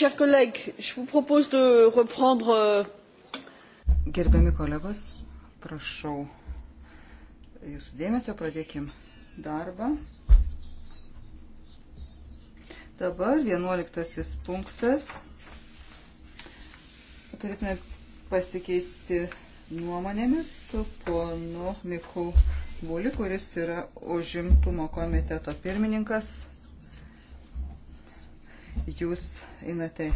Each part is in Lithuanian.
Chers collègues, je vous propose de reprendre. Euh, Gerbiami kolegos, prašau jūsų dėmesio, pradėkim darbą. Dabar vienuoliktasis punktas. Turėtume pasikeisti nuomonėmis su ponu Miku Būli, kuris yra užimtumo komiteto pirmininkas Jūs einate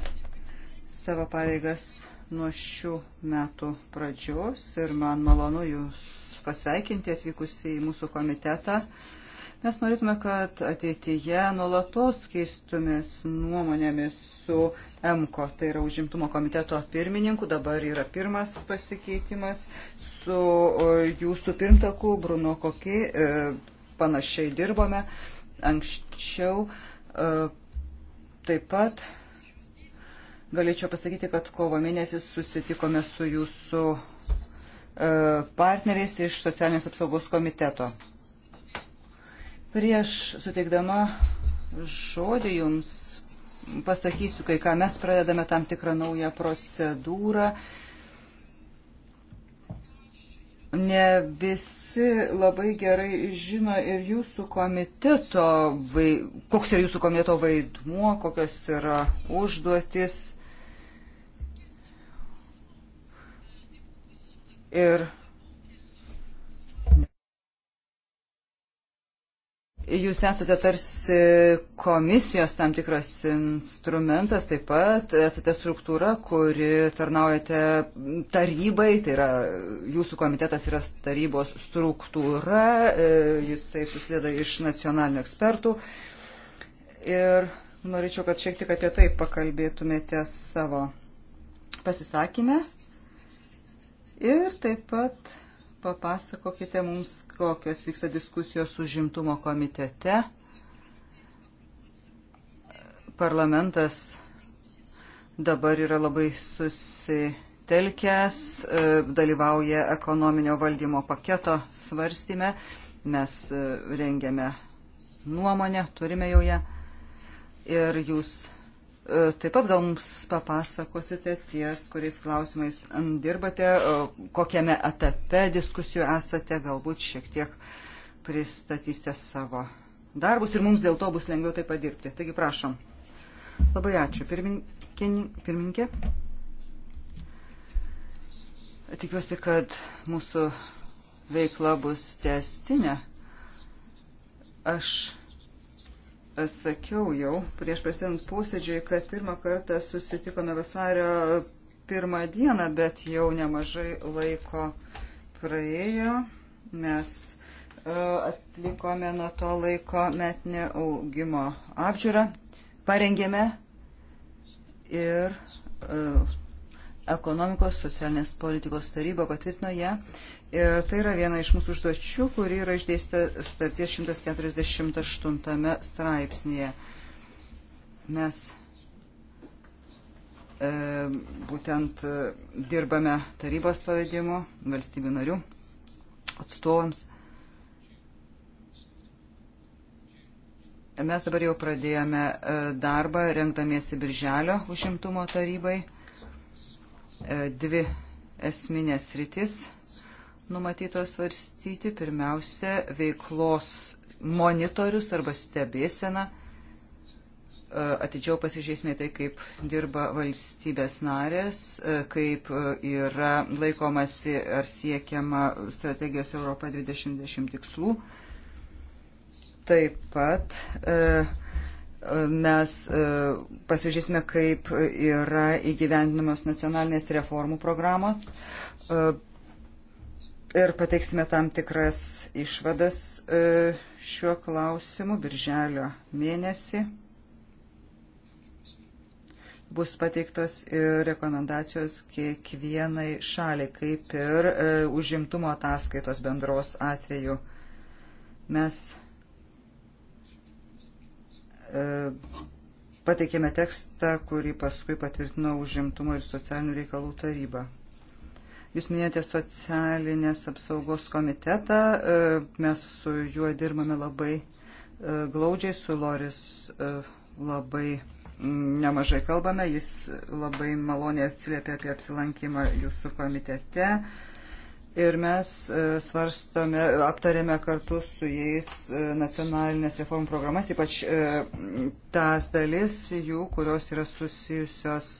savo pareigas nuo šių metų pradžios ir man malonu Jūs pasveikinti atvykusi į mūsų komitetą. Mes norėtume, kad ateityje nuolatos keistumės nuomonėmis su MKO, tai yra užimtumo komiteto pirmininku, dabar yra pirmas pasikeitimas su jūsų pirmtaku Bruno Koki, e, panašiai dirbome anksčiau e, Taip pat galėčiau pasakyti, kad kovo mėnesį susitikome su jūsų e, partneriais iš socialinės apsaugos komiteto. Prieš suteikdama žodį jums pasakysiu, kai ką mes pradedame tam tikrą naują procedūrą ne visi labai gerai žino ir jūsų komiteto, vai, koks yra jūsų komiteto vaidmuo, kokios yra užduotis. Ir Jūs esate tarsi komisijos tam tikras instrumentas, taip pat esate struktūra, kuri tarnaujate tarybai, tai yra jūsų komitetas yra tarybos struktūra, e, jisai susideda iš nacionalinių ekspertų. Ir norėčiau, kad šiek tiek apie tai pakalbėtumėte savo pasisakymę. Ir taip pat papasakokite mums, kokios vyksta diskusijos užimtumo komitete. Parlamentas dabar yra labai susitelkęs, e, dalyvauja ekonominio valdymo paketo svarstyme. Mes e, rengiame nuomonę, turime jau ją. Ir jūs E, taip pat gal mums papasakosite ties, kuriais klausimais dirbate, e, kokiame etape diskusijų esate, galbūt šiek tiek pristatysite savo darbus ir mums dėl to bus lengviau taip pat dirbti. Taigi prašom. Labai ačiū. Pirmininkė. Tikiuosi, kad mūsų veikla bus testinė. Aš sakiau jau prieš prasidant posėdžiui, kad pirmą kartą susitikome vasario pirmą dieną, bet jau nemažai laiko praėjo. Mes e, atlikome nuo to laiko metinę augimo apžiūrą, parengėme ir e, ekonomikos socialinės politikos taryba patvirtino ją. Ja Ir tai yra viena iš mūsų užduočių, kuri yra išdėstyta sutarties 148 straipsnėje. Mes e, būtent e, dirbame tarybos pavadimu, valstybių narių atstovams. Mes dabar jau pradėjome e, darbą rengdamiesi Birželio užimtumo tarybai. E, dvi esminės rytis numatytos svarstyti pirmiausia veiklos monitorius arba stebėsena. E, atidžiau pasižiūrėsime tai, kaip dirba valstybės narės, e, kaip e, yra laikomasi ar siekiama strategijos Europa 2020 tikslų. Taip pat mes pasižiūrėsime, kaip yra įgyvendinamos nacionalinės reformų programos ir pateiksime tam tikras išvadas e, šiuo klausimu birželio mėnesį. Bus pateiktos ir rekomendacijos kiekvienai šaliai, kaip ir e, užimtumo ataskaitos bendros atveju. Mes e, pateikėme tekstą, kurį paskui patvirtino užimtumo ir socialinių reikalų taryba. Jūs minėjote socialinės apsaugos komitetą, e, mes su juo dirbame labai e, glaudžiai, su Loris e, labai nemažai kalbame, jis labai maloniai atsiliepia apie apsilankymą jūsų komitete. Ir mes svarstome, aptarėme kartu su jais nacionalinės reformų programas, ypač tas dalis jų, kurios yra susijusios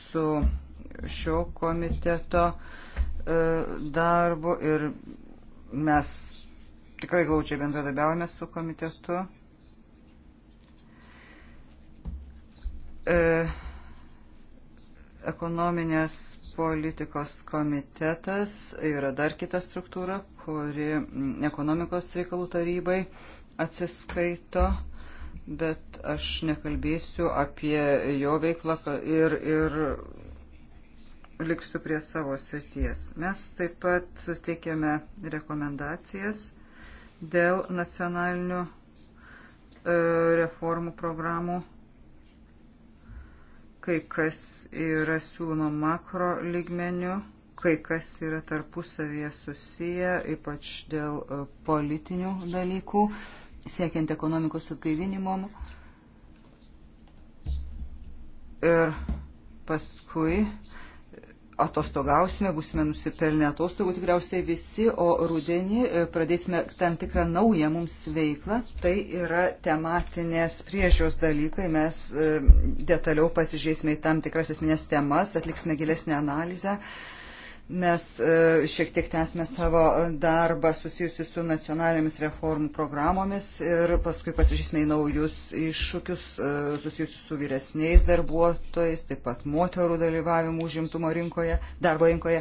su šio komiteto uh, E, darbu ir mes tikrai glaučiai bendradabiaujame su komitetu. E, ekonominės politikos komitetas yra dar kita struktūra, kuri ekonomikos reikalų tarybai atsiskaito bet aš nekalbėsiu apie jo veiklą ir, ir liksiu prie savo srities. Mes taip pat teikiame rekomendacijas dėl nacionalinių e, reformų programų, kai kas yra siūloma makro lygmenių, kai kas yra tarpusavėje susiję, ypač dėl e, politinių dalykų, siekiant ekonomikos atgaivinimo. Ir paskui atostogausime, būsime nusipelnę atostogų tikriausiai visi, o rudenį e, pradėsime tam tikrą naują mums veiklą. Tai yra tematinės priežios dalykai, mes e, detaliau pasižiūrėsime į tam tikras esminės temas, atliksime gilesnę analizę. Uh, Mes e, šiek tiek tęsime savo darbą susijusi su nacionalinėmis reformų programomis ir paskui pasižiūrėsime į naujus iššūkius e, susijusius su vyresniais darbuotojais, taip pat moterų dalyvavimu užimtumo rinkoje, darbo rinkoje.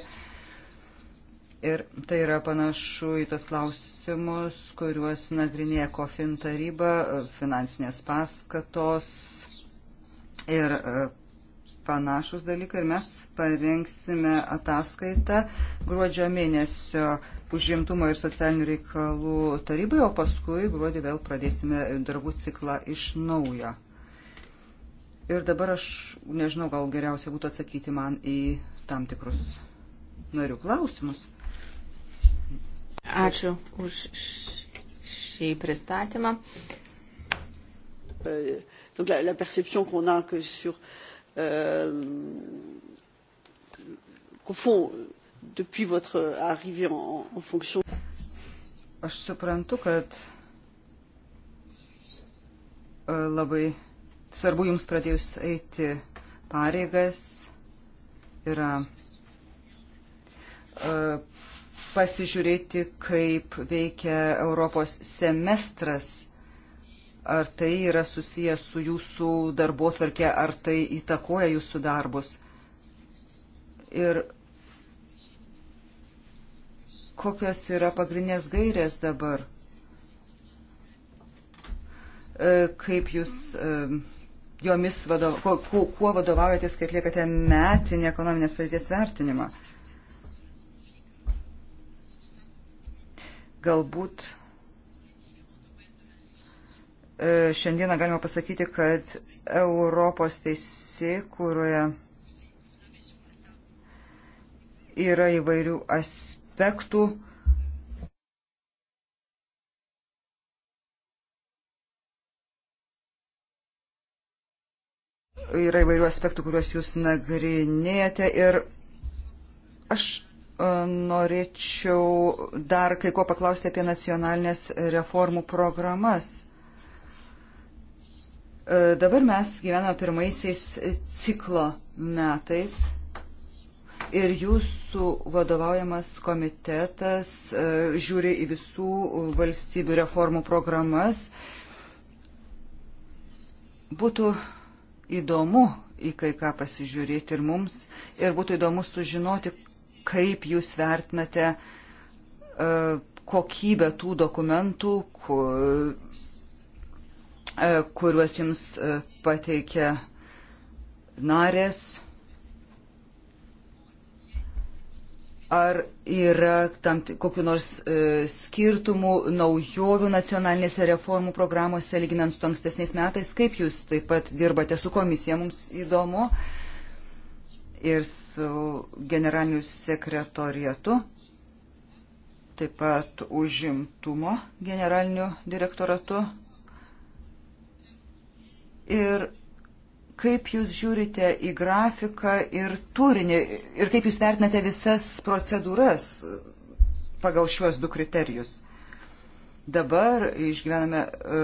Ir tai yra panašu į tos klausimus, kuriuos nagrinėja COFIN taryba, e, finansinės paskatos ir panašus dalykai ir mes parengsime ataskaitą gruodžio mėnesio užimtumo ir socialinių reikalų tarybai, o paskui gruodį vėl pradėsime darbų ciklą iš naujo. Ir dabar aš nežinau, gal geriausia būtų atsakyti man į tam tikrus narių klausimus. Ačiū už šį pristatymą. Euh, donc la, la perception qu'on a que sur euh, Euh, qu'au fond, depuis votre arrivée en, en fonction. Aš suprantu, kad e, labai svarbu jums pradėjus eiti pareigas yra e, pasižiūrėti, kaip veikia Europos semestras ar tai yra susijęs su jūsų darbo tvarkė, ar tai įtakoja jūsų darbus. Ir kokios yra pagrindinės gairės dabar, e, kaip jūs e, jomis vadov, kuo, kuo vadovaujatės, kai atliekate metinį ekonominės padėties vertinimą. Galbūt E, šiandieną galima pasakyti, kad Europos teisė, kurioje yra įvairių aspektų, yra įvairių aspektų, kuriuos jūs nagrinėjate ir aš e, norėčiau dar kai ko paklausti apie nacionalinės reformų programas. E, dabar mes gyvename pirmaisiais ciklo metais ir jūsų vadovaujamas komitetas e, žiūri į visų valstybių reformų programas. Būtų įdomu į kai ką pasižiūrėti ir mums, ir būtų įdomu sužinoti, kaip jūs vertinate e, kokybę tų dokumentų, kur E, kuriuos jums e, pateikė narės. Ar yra tam kokiu nors e, skirtumų naujovių nacionalinėse reformų programuose, lyginant su ankstesniais metais? Kaip jūs taip pat dirbate su komisija, mums įdomu, ir su generaliniu sekretorietu, taip pat užimtumo generaliniu direktoratu? Ir kaip jūs žiūrite į grafiką ir turinį ir kaip jūs vertinate visas procedūras pagal šiuos du kriterijus? Dabar išgyvename e,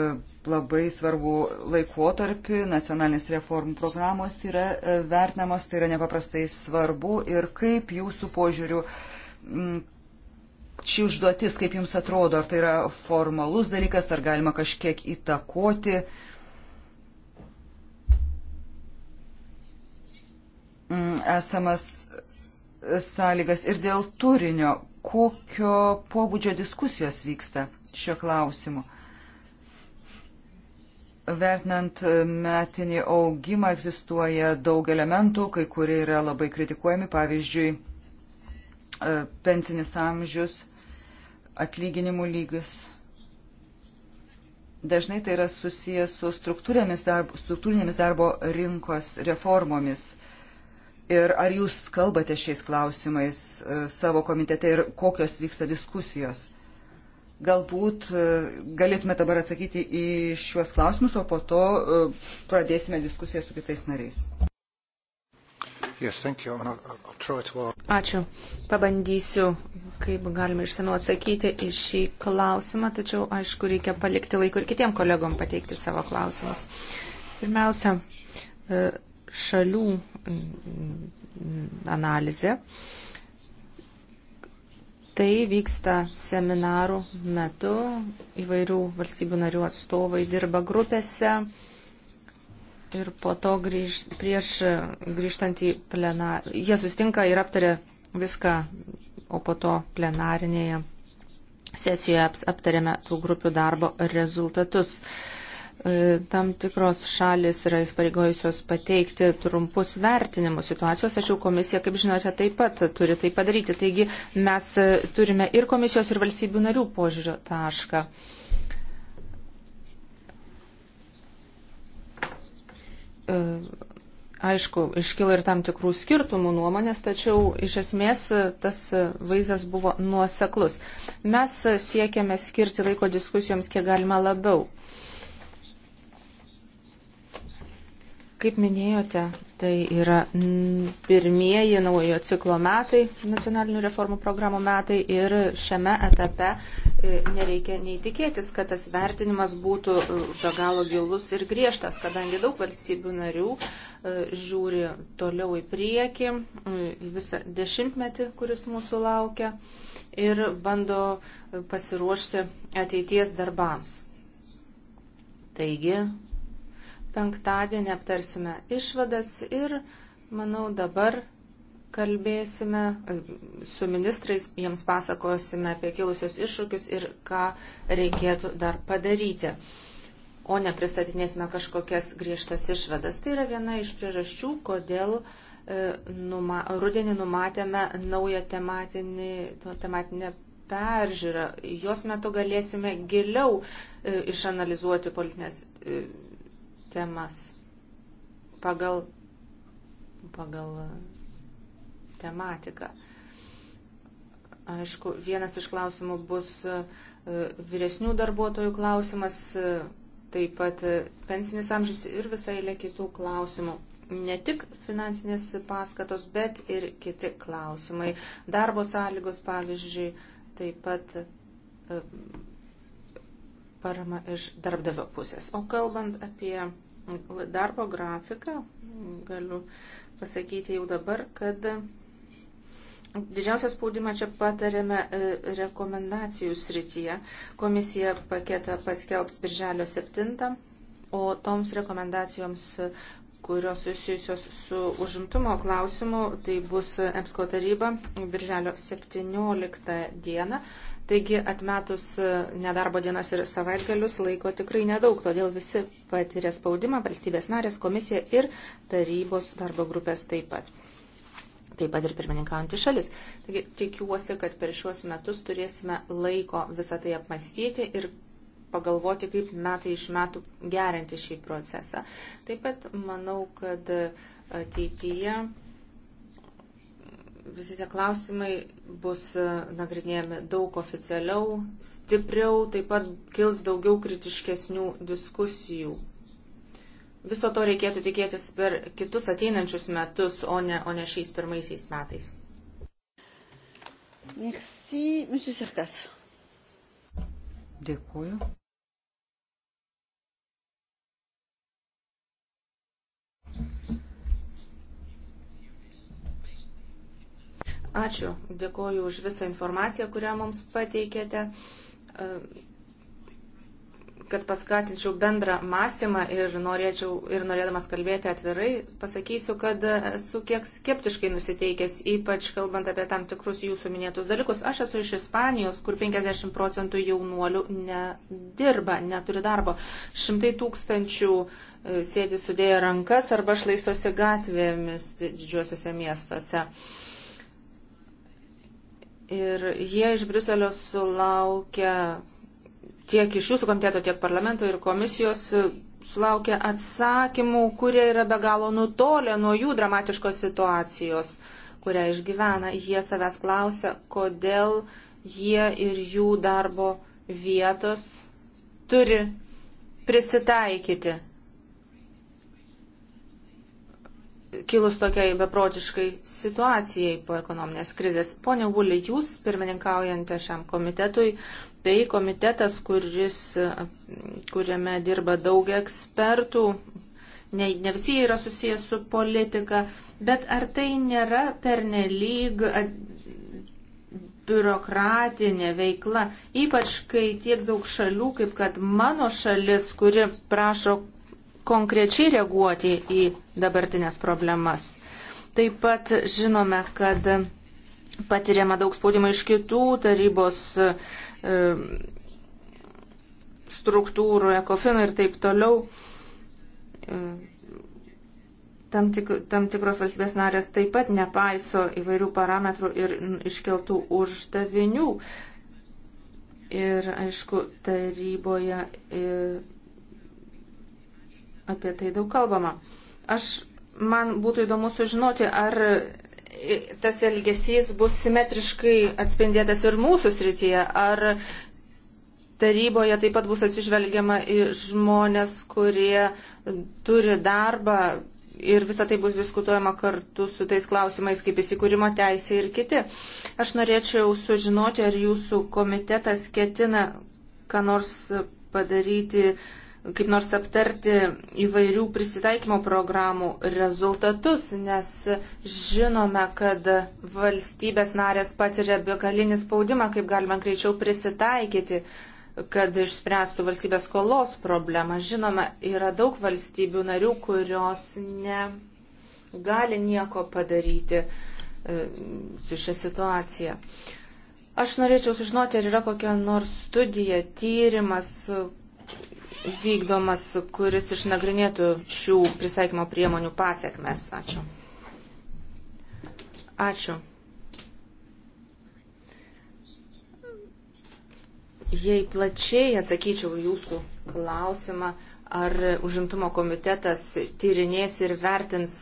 labai svarbu laikotarpį, nacionalinės reformų programos yra e, vertinamos, tai yra nepaprastai svarbu ir kaip jūsų požiūrių ši užduotis, kaip jums atrodo, ar tai yra formalus dalykas, ar galima kažkiek įtakoti uh, Mm, esamas sąlygas ir dėl turinio, kokio pobūdžio diskusijos vyksta šiuo klausimu. Vertinant metinį augimą egzistuoja daug elementų, kai kurie yra labai kritikuojami, pavyzdžiui, e, pensinis amžius, atlyginimų lygis. Dažnai tai yra susijęs su struktūrinėmis darbo, struktūrinėmis darbo rinkos reformomis Ir ar jūs kalbate šiais klausimais e, savo komitete ir kokios vyksta diskusijos? Galbūt e, galėtume dabar atsakyti į šiuos klausimus, o po to e, pradėsime diskusiją su kitais nariais. Yes, Ačiū. Pabandysiu, kaip galime išsamiau atsakyti į šį klausimą, tačiau, aišku, reikia palikti laiko ir kitiem kolegom pateikti savo klausimus. Pirmiausia, šalių analizė. Tai vyksta seminarų metu, įvairių valstybių narių atstovai dirba grupėse ir po to grįž, prieš grįžtant į plenarą, jie sustinka ir aptaria viską, o po to plenarinėje sesijoje aptarėme tų grupių darbo rezultatus. Uh, E, tam tikros šalis yra įsipareigojusios pateikti trumpus vertinimus situacijos, tačiau komisija, kaip žinote, taip pat turi tai padaryti. Taigi mes turime ir komisijos, ir valstybių narių požiūrio tašką. E, aišku, iškilo ir tam tikrų skirtumų nuomonės, tačiau iš esmės tas vaizdas buvo nuoseklus. Mes siekiame skirti laiko diskusijoms kiek galima labiau Kaip minėjote, tai yra pirmieji naujo ciklo metai, nacionalinių reformų programų metai ir šiame etape e, nereikia neįtikėtis, kad tas vertinimas būtų e, be galo gilus ir griežtas, kadangi daug valstybių narių e, žiūri toliau į priekį, visą dešimtmetį, kuris mūsų laukia ir bando pasiruošti ateities darbams. Taigi, Penktadienį aptarsime išvadas ir, manau, dabar kalbėsime su ministrais, jiems pasakosime apie kilusius iššūkius ir ką reikėtų dar padaryti, o ne pristatinėsime kažkokias griežtas išvadas. Tai yra viena iš priežasčių, kodėl e, numa, rudenį numatėme naują tematinį, tematinę peržiūrą. Jos metu galėsime giliau e, išanalizuoti politinės e, temas pagal, pagal tematiką. Aišku, vienas iš klausimų bus e, vyresnių darbuotojų klausimas, e, taip pat e, pensinis amžius ir visai lė kitų klausimų. Ne tik finansinės paskatos, bet ir kiti klausimai. Darbo sąlygos, pavyzdžiui, taip pat parama iš darbdavio pusės. O kalbant apie darbo grafiką, galiu pasakyti jau dabar, kad Didžiausią spaudimą čia patarėme e, rekomendacijų srityje. Komisija paketą paskelbs birželio 7, o toms rekomendacijoms, kurios susijusios su užimtumo klausimu, tai bus EPSCO taryba birželio 17 dieną, Taigi atmetus e, nedarbo dienas ir savaitgalius laiko tikrai nedaug, todėl visi patiria spaudimą, valstybės narės, komisija ir tarybos darbo grupės taip pat. Taip pat ir pirmininkaujantys šalis. Taigi tikiuosi, kad per šiuos metus turėsime laiko visą tai apmastyti ir pagalvoti, kaip metai iš metų gerinti šį procesą. Taip pat manau, kad ateityje visi tie klausimai bus e, nagrinėjami daug oficialiau, stipriau, taip pat kils daugiau kritiškesnių diskusijų. Viso to reikėtų tikėtis per kitus ateinančius metus, o ne, o ne šiais pirmaisiais metais. Merci, Dėkuoju. Ačiū, dėkoju už visą informaciją, kurią mums pateikėte, e, kad paskatinčiau bendrą mąstymą ir, norėčiau, ir norėdamas kalbėti atvirai, pasakysiu, kad esu kiek skeptiškai nusiteikęs, ypač kalbant apie tam tikrus jūsų minėtus dalykus. Aš esu iš Ispanijos, kur 50 procentų jaunuolių nedirba, neturi darbo. Šimtai tūkstančių e, sėdi sudėję rankas arba šlaistosi gatvėmis didžiuosiuose miestuose. Uh, Ir jie iš Briuselio sulaukia tiek iš jūsų komiteto, tiek parlamento ir komisijos sulaukia atsakymų, kurie yra be galo nutolę nuo jų dramatiškos situacijos, kurią išgyvena. Jie savęs klausia, kodėl jie ir jų darbo vietos turi prisitaikyti kilus tokiai beprotiškai situacijai po ekonominės krizės. Pone Vulį, jūs pirmininkaujate šiam komitetui, tai komitetas, kuris, kuriame dirba daug ekspertų, ne, ne visi yra susijęs su politika, bet ar tai nėra pernelyg biurokratinė veikla, ypač kai tiek daug šalių, kaip kad mano šalis, kuri prašo konkrečiai reaguoti į dabartinės problemas. Taip pat žinome, kad patiriama daug spaudimo iš kitų tarybos e, struktūrų, ekofinų ir taip toliau. E, tam, tik, tam tikros valstybės narės taip pat nepaiso įvairių parametrų ir iškeltų uždavinių. Ir aišku, taryboje e, apie tai daug kalbama. Aš, man būtų įdomu sužinoti, ar tas elgesys bus simetriškai atspindėtas ir mūsų srityje, ar taryboje taip pat bus atsižvelgiama į žmonės, kurie turi darbą ir visą tai bus diskutuojama kartu su tais klausimais, kaip įsikūrimo teisė ir kiti. Aš norėčiau sužinoti, ar jūsų komitetas ketina ką nors padaryti kaip nors aptarti įvairių prisitaikymo programų rezultatus, nes žinome, kad valstybės narės patiria begalinį spaudimą, kaip galima greičiau prisitaikyti kad išspręstų valstybės skolos problemą. Žinoma, yra daug valstybių narių, kurios negali nieko padaryti e, su šią situaciją. Aš norėčiau sužinoti, ar yra kokia nors studija, tyrimas, vykdomas, kuris išnagrinėtų šių prisaikymo priemonių pasiekmes. Ačiū. Ačiū. Jei plačiai atsakyčiau jūsų klausimą, ar užimtumo komitetas tyrinės ir vertins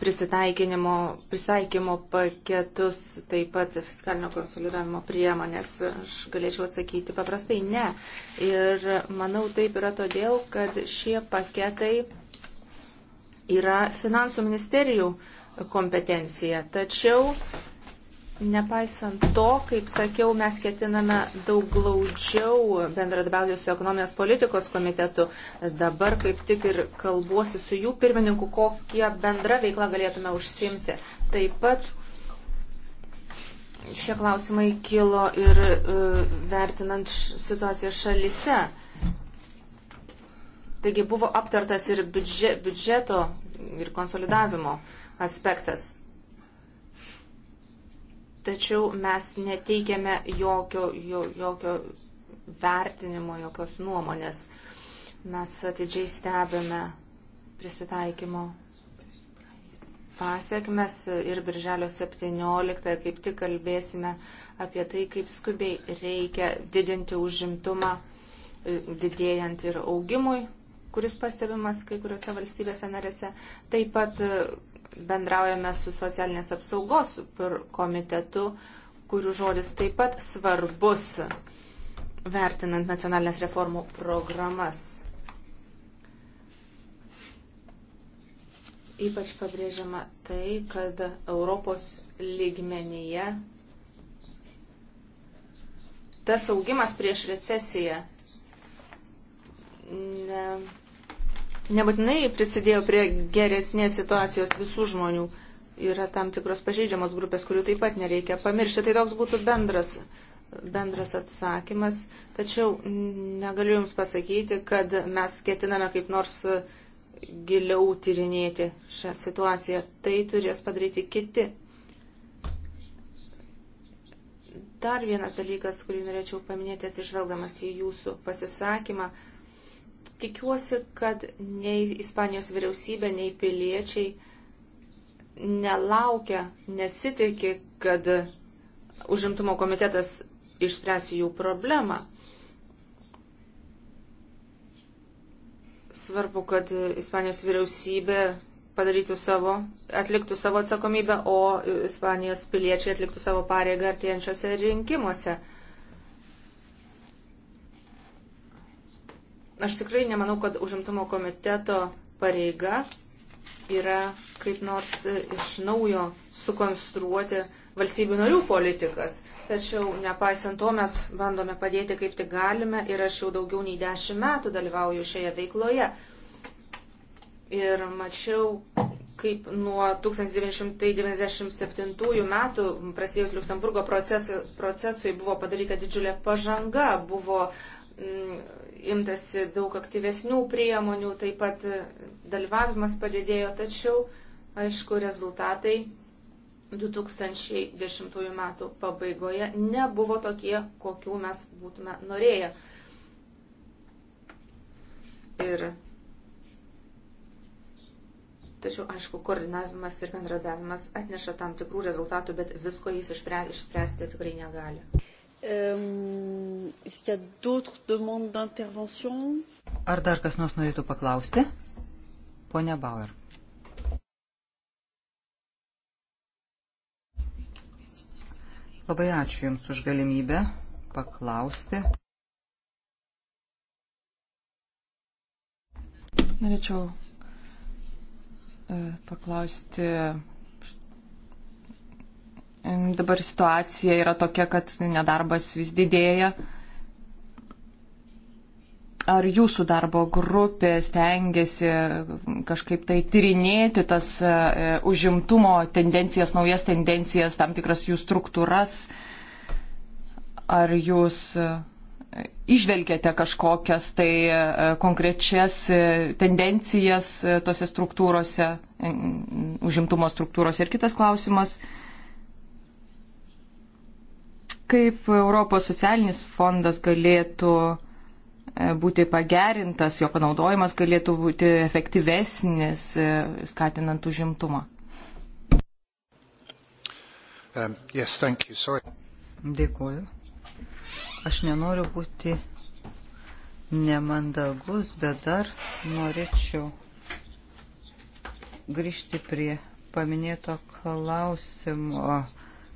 prisitaikymo paketus, taip pat fiskalinio konsolidavimo priemonės. Aš galėčiau atsakyti paprastai ne. Ir manau taip yra todėl, kad šie paketai yra finansų ministerijų kompetencija. Tačiau Nepaisant to, kaip sakiau, mes ketiname daug glaudžiau bendradabiauti su ekonomijos politikos komitetu. Dabar kaip tik ir kalbuosi su jų pirmininku, kokie bendra veikla galėtume užsimti. Taip pat šie klausimai kilo ir e, vertinant situaciją šalise. Taigi buvo aptartas ir biudžeto ir konsolidavimo aspektas tačiau mes neteikėme jokio, jokio vertinimo, jokios nuomonės. Mes atidžiai stebime prisitaikymo pasiekmes ir birželio 17 kaip tik kalbėsime apie tai, kaip skubiai reikia didinti užimtumą, e, didėjant ir augimui, kuris pastebimas kai kuriuose valstybėse narėse. Taip pat e, bendraujame su socialinės apsaugos komitetu, kurių žodis taip pat svarbus vertinant nacionalinės reformų programas. Ypač pabrėžiama tai, kad Europos lygmenyje tas augimas prieš recesiją ne, nebūtinai prisidėjo prie geresnės situacijos visų žmonių. Yra tam tikros pažeidžiamos grupės, kurių taip pat nereikia pamiršti. Tai toks būtų bendras, bendras atsakymas. Tačiau negaliu Jums pasakyti, kad mes ketiname kaip nors giliau tyrinėti šią situaciją. Tai turės padaryti kiti. Dar vienas dalykas, kurį norėčiau paminėti, atsižvelgdamas į Jūsų pasisakymą – Tikiuosi, kad nei Ispanijos vyriausybė, nei piliečiai nelaukia, nesitikė, kad užimtumo komitetas išspręs jų problemą. Svarbu, kad Ispanijos vyriausybė padarytų savo, atliktų savo atsakomybę, o Ispanijos piliečiai atliktų savo pareigą artėjančiose rinkimuose. Aš tikrai nemanau, kad užimtumo komiteto pareiga yra kaip nors iš naujo sukonstruoti valstybių narių politikas. Tačiau nepaisant to mes bandome padėti kaip tik galime ir aš jau daugiau nei dešimt metų dalyvauju šioje veikloje. Ir mačiau, kaip nuo 1997 metų prasidėjus Luksemburgo procesui, procesui buvo padaryta didžiulė pažanga, buvo uh, Mm, imtasi daug aktyvesnių priemonių, taip pat e, dalyvavimas padidėjo, tačiau, aišku, rezultatai 2010 metų pabaigoje nebuvo tokie, kokių mes būtume norėję. Ir Tačiau, aišku, koordinavimas ir bendradavimas atneša tam tikrų rezultatų, bet visko jis išspręsti tikrai negali. Euh, Ar dar kas nors norėtų paklausti? Pone Bauer. Labai ačiū Jums už galimybę paklausti. Norėčiau e, paklausti Dabar situacija yra tokia, kad nedarbas vis didėja. Ar jūsų darbo grupė stengiasi kažkaip tai tyrinėti tas e, užimtumo tendencijas, naujas tendencijas, tam tikras jų struktūras? Ar jūs e, išvelgėte kažkokias tai e, konkrečias tendencijas tose struktūrose, užimtumo struktūrose. Ir kitas klausimas kaip Europos socialinis fondas galėtų e, būti pagerintas, jo panaudojimas galėtų būti efektyvesnis, e, skatinant užimtumą. Um, yes, Dėkuoju. Aš nenoriu būti nemandagus, bet dar norėčiau grįžti prie paminėto klausimo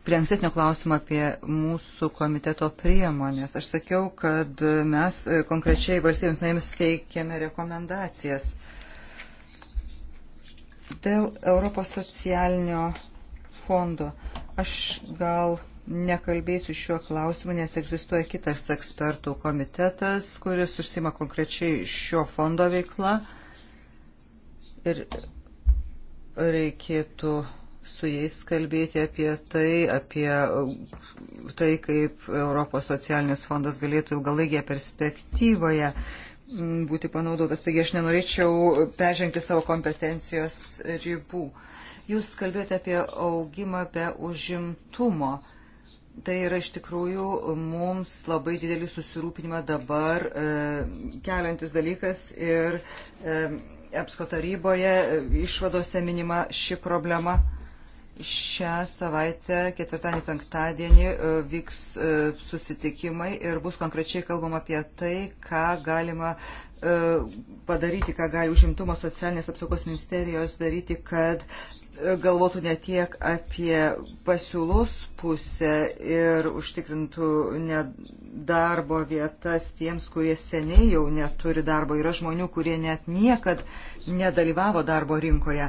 prie ankstesnio klausimo apie mūsų komiteto priemonės. Aš sakiau, kad mes e, konkrečiai valstybėms narėms teikiame rekomendacijas. Dėl Europos socialinio fondo aš gal nekalbėsiu šiuo klausimu, nes egzistuoja kitas ekspertų komitetas, kuris užsima konkrečiai šio fondo veikla. Ir reikėtų su jais kalbėti apie tai, apie uh, tai, kaip Europos socialinis fondas galėtų ilgalaikėje perspektyvoje mm, būti panaudotas. Taigi aš nenorėčiau peržengti savo kompetencijos ribų. Jūs kalbėjote apie augimą be užimtumo. Tai yra iš tikrųjų mums labai didelį susirūpinimą dabar e, keliantis dalykas ir e, EPSCO taryboje e, išvadose minima ši problema. E, Šią savaitę, ketvirtadienį, penktadienį e, vyks e, susitikimai ir bus konkrečiai kalbama apie tai, ką galima e, padaryti, ką gali užimtumo socialinės apsaugos ministerijos daryti, kad galvotų ne tiek apie pasiūlos pusę ir užtikrintų nedarbo vietas tiems, kurie seniai jau neturi darbo. Yra žmonių, kurie net niekad nedalyvavo darbo rinkoje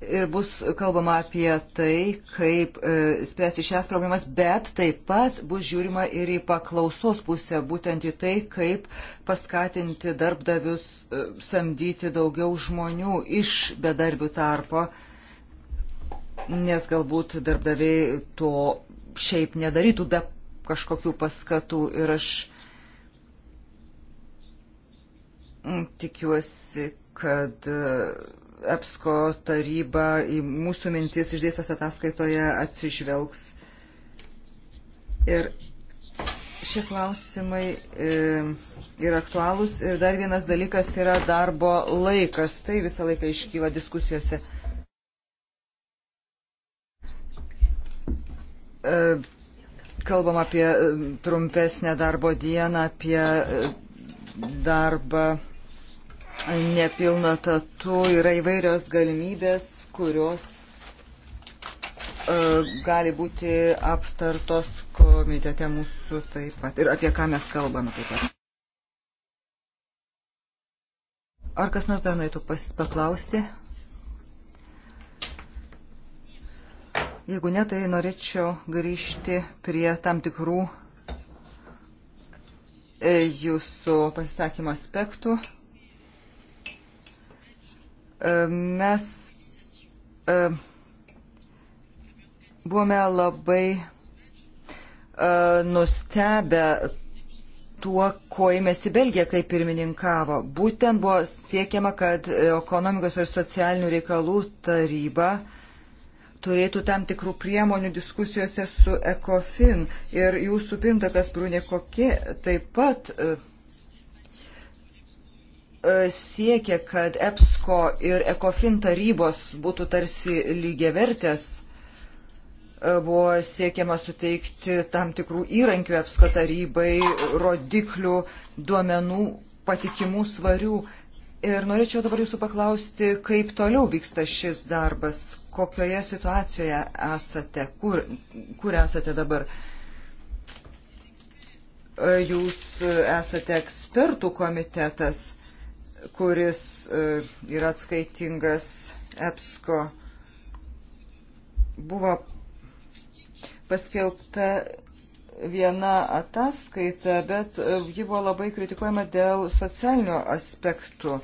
ir bus kalbama apie tai, kaip e, spręsti šias problemas, bet taip pat bus žiūrima ir į paklausos pusę, būtent į tai, kaip paskatinti darbdavius e, samdyti daugiau žmonių iš bedarbių tarpo, nes galbūt darbdaviai to šiaip nedarytų be kažkokių paskatų ir aš tikiuosi, kad e, EPSCO taryba į mūsų mintis išdėstas ataskaitoje atsižvelgs. Ir šie klausimai e, yra aktualūs. Ir dar vienas dalykas yra darbo laikas. Tai visą laiką iškyla diskusijose. E, kalbam apie e, trumpesnę darbo dieną, apie darbą nepilno tatu yra įvairios galimybės, kurios uh, gali būti aptartos komitete mūsų taip pat. Ir apie ką mes kalbame taip pat. Ar kas nors dar norėtų paklausti? Jeigu ne, tai norėčiau grįžti prie tam tikrų e, jūsų pasisakymo aspektų. E, mes e, buvome labai e, nustebę tuo, ko ėmėsi Belgija, kai pirmininkavo. Būtent buvo siekiama, kad ekonomikos ir socialinių reikalų taryba turėtų tam tikrų priemonių diskusijose su ECOFIN. Ir jūsų pirmtakas Brunė Kokie taip pat E, siekia, kad EPSCO ir ECOFIN tarybos būtų tarsi lygiavertės, e, buvo siekiama suteikti tam tikrų įrankių EPSCO tarybai, rodiklių, duomenų, patikimų svarių. Ir norėčiau dabar jūsų paklausti, kaip toliau vyksta šis darbas, kokioje situacijoje esate, kur, kur esate dabar e, jūs esate ekspertų komitetas kuris e, yra atskaitingas EPSCO, buvo paskelbta viena ataskaita, bet e, ji buvo labai kritikuojama dėl socialinių aspektų.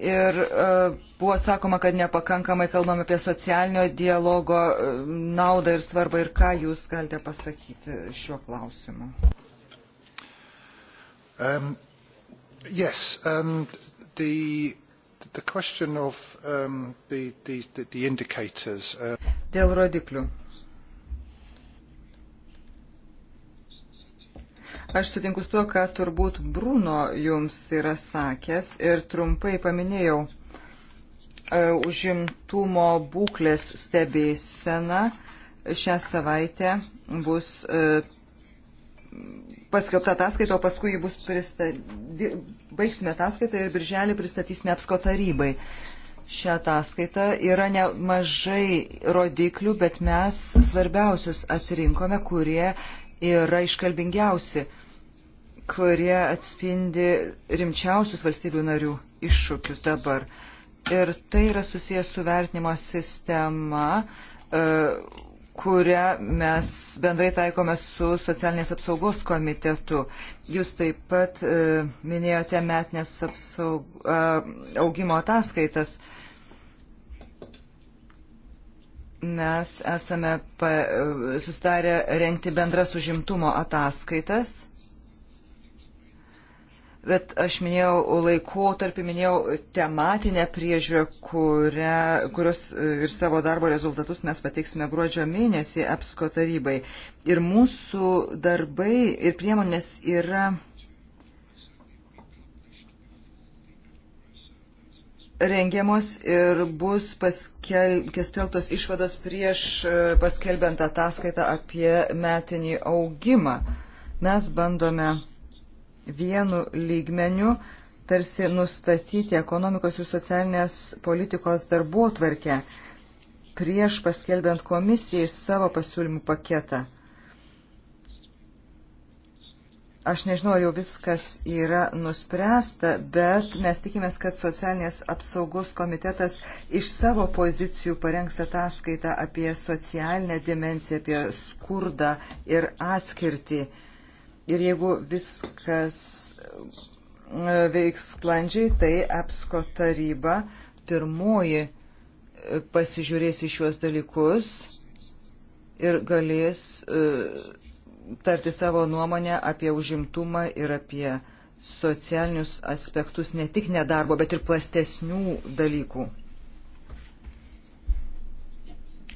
ir e, buvo sakoma, kad nepakankamai kalbam apie socialinio dialogo e, naudą ir svarbą ir ką jūs galite pasakyti šiuo klausimu. Um, yes, um, the, the question of um, the, the, the indicators. Uh... Dėl rodiklių. Aš sutinku su tuo, ką turbūt Bruno jums yra sakęs ir trumpai paminėjau e, užimtumo būklės stebėsena šią savaitę bus e, paskelbta ataskaita, o paskui bus prista... baigsime ataskaitą ir birželį pristatysime apsko tarybai. Šią ataskaitą yra nemažai rodiklių, bet mes svarbiausius atrinkome, kurie yra iškalbingiausi, kurie atspindi rimčiausius valstybių narių iššūkius dabar. Ir tai yra susijęs su vertinimo sistema, e, kurią mes bendrai taikome su socialinės apsaugos komitetu. Jūs taip pat e, minėjote metinės apsaug... E, augimo ataskaitas mes esame sustarę renkti bendras užimtumo ataskaitas. Bet aš minėjau laikotarpį, minėjau tematinę priežiūrę, kurią, kurios ir savo darbo rezultatus mes pateiksime gruodžio mėnesį EPSCO tarybai. Ir mūsų darbai ir priemonės yra rengiamos ir bus paskelbtos išvados prieš e, paskelbiant ataskaitą apie metinį augimą. Mes bandome vienu lygmeniu tarsi nustatyti ekonomikos ir socialinės politikos darbuotvarkę prieš paskelbiant komisijai savo pasiūlymų paketą. Aš nežinau, jau viskas yra nuspręsta, bet mes tikimės, kad socialinės apsaugos komitetas iš savo pozicijų parengs ataskaitą apie socialinę dimenciją, apie skurdą ir atskirtį. Ir jeigu viskas e, veiks sklandžiai, tai EPSCO taryba pirmoji e, pasižiūrės į šiuos dalykus ir galės. Uh, tarti savo nuomonę apie užimtumą ir apie socialinius aspektus ne tik nedarbo, bet ir plastesnių dalykų.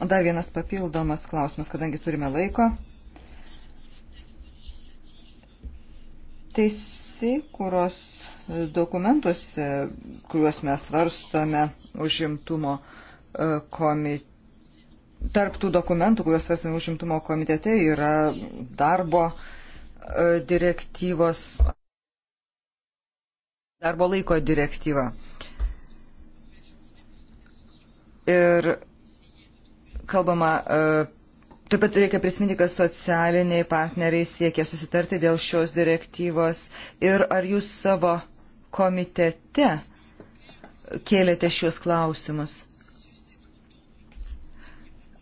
Dar vienas papildomas klausimas, kadangi turime laiko. Teisėkuros dokumentuose, kuriuos mes varstome užimtumo e, komitete, Tarptų dokumentų, kuriuos svarstame užimtumo komitete, yra darbo e, direktyvos, darbo laiko direktyva. Ir kalbama, e, taip pat reikia prisiminti, kad socialiniai partneriai siekia susitarti dėl šios direktyvos. Ir ar jūs savo komitete kėlėte šios klausimus?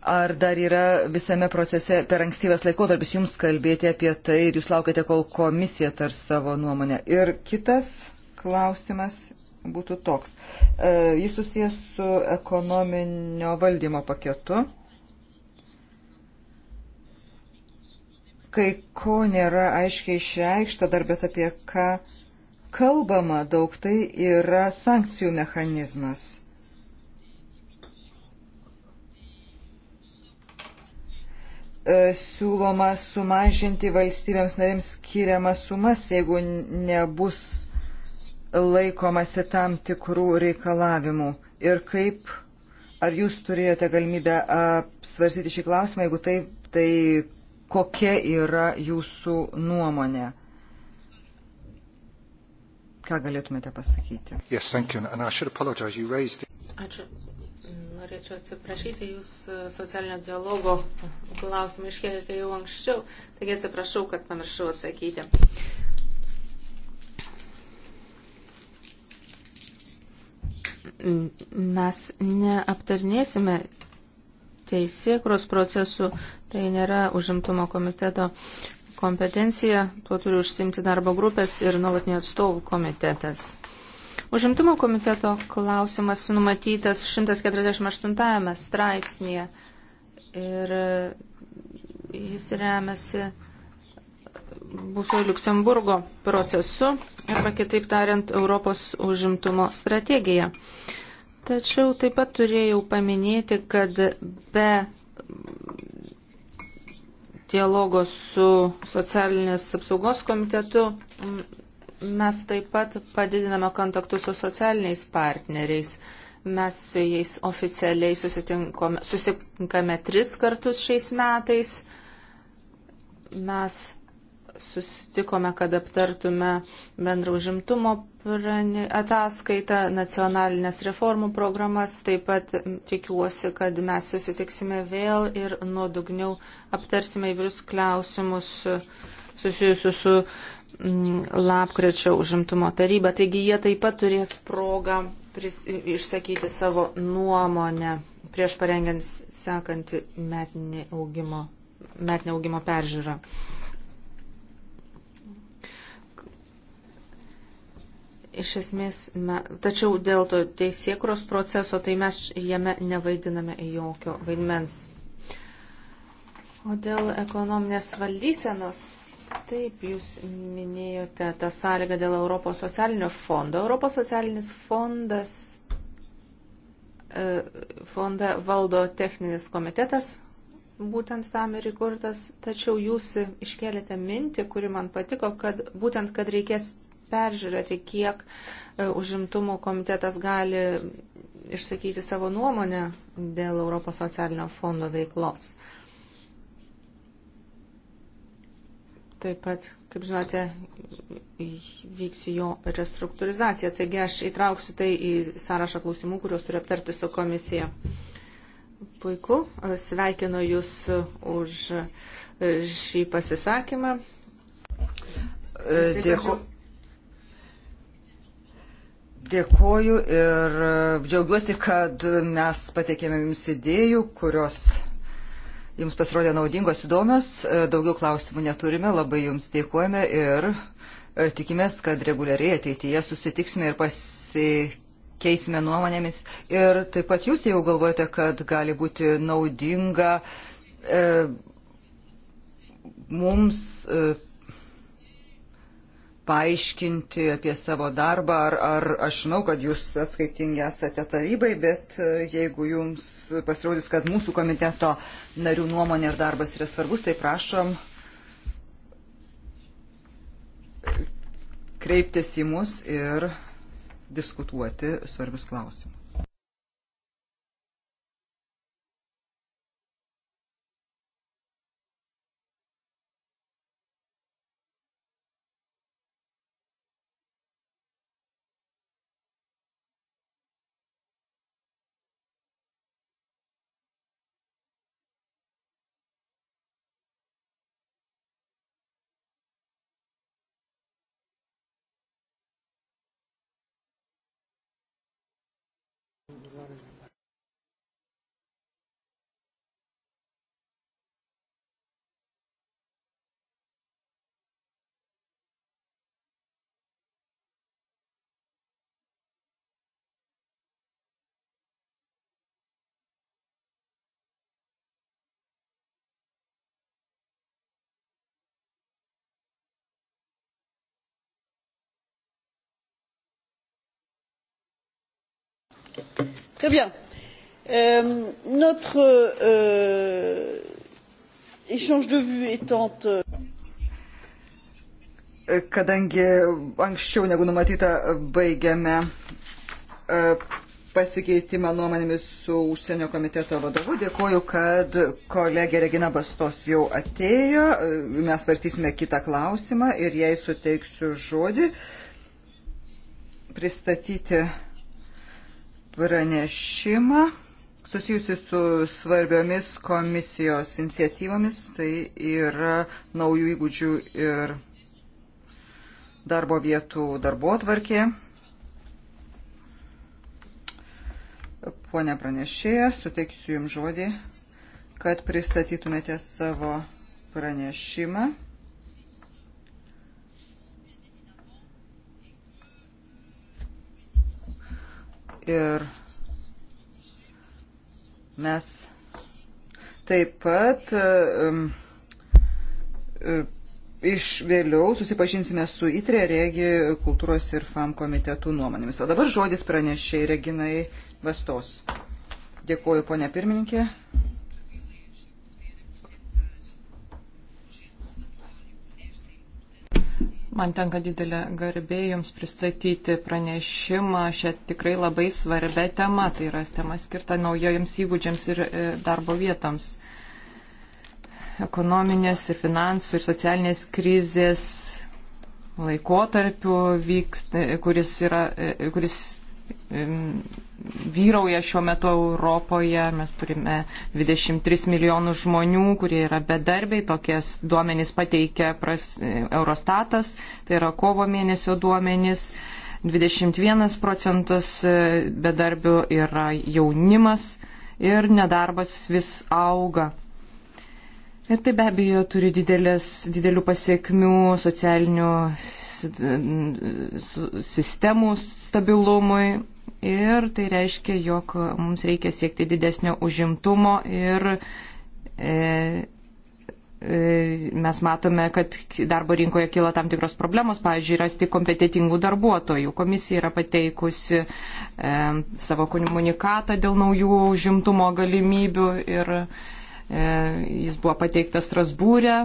Ar dar yra visame procese per ankstyvas laikotarpis jums kalbėti apie tai ir jūs laukiate, kol komisija tars savo nuomonę? Ir kitas klausimas būtų toks. E, jis susijęs su ekonominio valdymo paketu. Kai ko nėra aiškiai išreikšta dar, bet apie ką kalbama daug, tai yra sankcijų mechanizmas E, siūloma sumažinti valstybėms narėms skiriamas sumas, jeigu nebus laikomasi tam tikrų reikalavimų. Ir kaip, ar jūs turėjote galimybę apsvarsyti šį klausimą, jeigu taip, tai kokia yra jūsų nuomonė? Ką galėtumėte pasakyti? Yes, Ačiū norėčiau atsiprašyti, jūs e, socialinio dialogo klausimą iškėlėte jau anksčiau, taigi atsiprašau, kad pamiršau atsakyti. Mes neaptarnėsime teisėkros procesų, tai nėra užimtumo komiteto kompetencija, tuo turi užsimti darbo grupės ir nuolatinio atstovų komitetas. Užimtumo komiteto klausimas numatytas 148 straipsnėje ir e, jis remiasi būsų Luksemburgo procesu arba kitaip tariant Europos užimtumo strategija. Tačiau taip pat turėjau paminėti, kad be dialogo su socialinės apsaugos komitetu Mes taip pat padidiname kontaktus su socialiniais partneriais. Mes su jais oficialiai susitinkame tris kartus šiais metais. Mes susitikome, kad aptartume bendrą užimtumo ataskaitą, nacionalinės reformų programas. Taip pat tikiuosi, kad mes susitiksime vėl ir nuodugniau aptarsime įvairius klausimus susijusius su Mm, lapkričio užimtumo tarybą, taigi jie taip pat turės progą pris, išsakyti savo nuomonę prieš parengiant sekantį metinį augimo, metinį augimo peržiūrą. Iš esmės, me, tačiau dėl to teisėkuros proceso, tai mes jame nevaidiname jokio vaidmens. O dėl ekonominės valdysenos Taip, jūs minėjote tą sąlygą dėl Europos socialinio fondo. Europos socialinis fondas e, fondą valdo techninis komitetas, būtent tam ir įkurtas, tačiau jūs iškėlėte mintį, kuri man patiko, kad būtent, kad reikės peržiūrėti, kiek e, užimtumo komitetas gali išsakyti savo nuomonę dėl Europos socialinio fondo veiklos. Uh, Taip pat, kaip žinote, vyks jo restruktūrizacija. Taigi aš įtrauksiu tai į sąrašą klausimų, kuriuos turiu aptarti su komisija. Puiku, sveikinu Jūs už šį pasisakymą. Dėku... E, Dėkuoju ir e, džiaugiuosi, kad mes patekėme Jums idėjų, kurios jums pasirodė naudingos, įdomios. E, daugiau klausimų neturime, labai jums dėkojame ir e, tikimės, kad reguliariai ateityje susitiksime ir pasikeisime nuomonėmis. Ir taip pat jūs jau galvojate, kad gali būti naudinga e, mums. E, paaiškinti apie savo darbą, ar, ar aš žinau, kad jūs atskaitingi esate tarybai, bet e, jeigu jums pasirodys, kad mūsų komiteto narių nuomonė ir darbas yra svarbus, tai prašom kreiptis į mus ir diskutuoti svarbius klausimus. Très bien. Euh, notre euh, échange de vues étant. Euh, euh, kadangi anksčiau negu numatyta euh, baigiame pasikeitimą nuomonėmis su užsienio komiteto vadovu. Dėkuoju, kad kolegė Regina Bastos jau atėjo. Mes svarstysime kitą klausimą ir jai suteiksiu žodį pristatyti pranešimą susijusi su svarbiomis komisijos iniciatyvomis, tai yra naujų įgūdžių ir darbo vietų darbo atvarkė. Pone pranešėja, suteiksiu Jums žodį, kad pristatytumėte savo pranešimą. ir mes taip pat um, um, iš vėliau susipažinsime su ITRE, REGI, kultūros ir FAM komitetų nuomonėmis. O dabar žodis pranešiai Reginai Vastos. Dėkuoju, ponia pirmininkė. Man tenka didelė garbė Jums pristatyti pranešimą šią tikrai labai svarbę temą, tai yra tema skirta naujojams įgūdžiams ir e, darbo vietams. Ekonominės ir finansų ir socialinės krizės laikotarpiu, vyksta, e, kuris, yra, e, kuris vyrauja šiuo metu Europoje. Mes turime 23 milijonus žmonių, kurie yra bedarbiai. Tokies duomenys pateikia pras, Eurostatas, tai yra kovo mėnesio duomenys. 21 procentas e, bedarbių yra jaunimas ir nedarbas vis auga. Ir tai be abejo turi didelės, didelių pasiekmių socialinių sistemų stabilumui, ir tai reiškia, jog mums reikia siekti didesnio užimtumo ir e, e, mes matome, kad darbo rinkoje kyla tam tikros problemos, pavyzdžiui, rasti kompetitingų darbuotojų. Komisija yra pateikusi e, savo komunikatą dėl naujų užimtumo galimybių ir e, jis buvo pateiktas Strasbūrė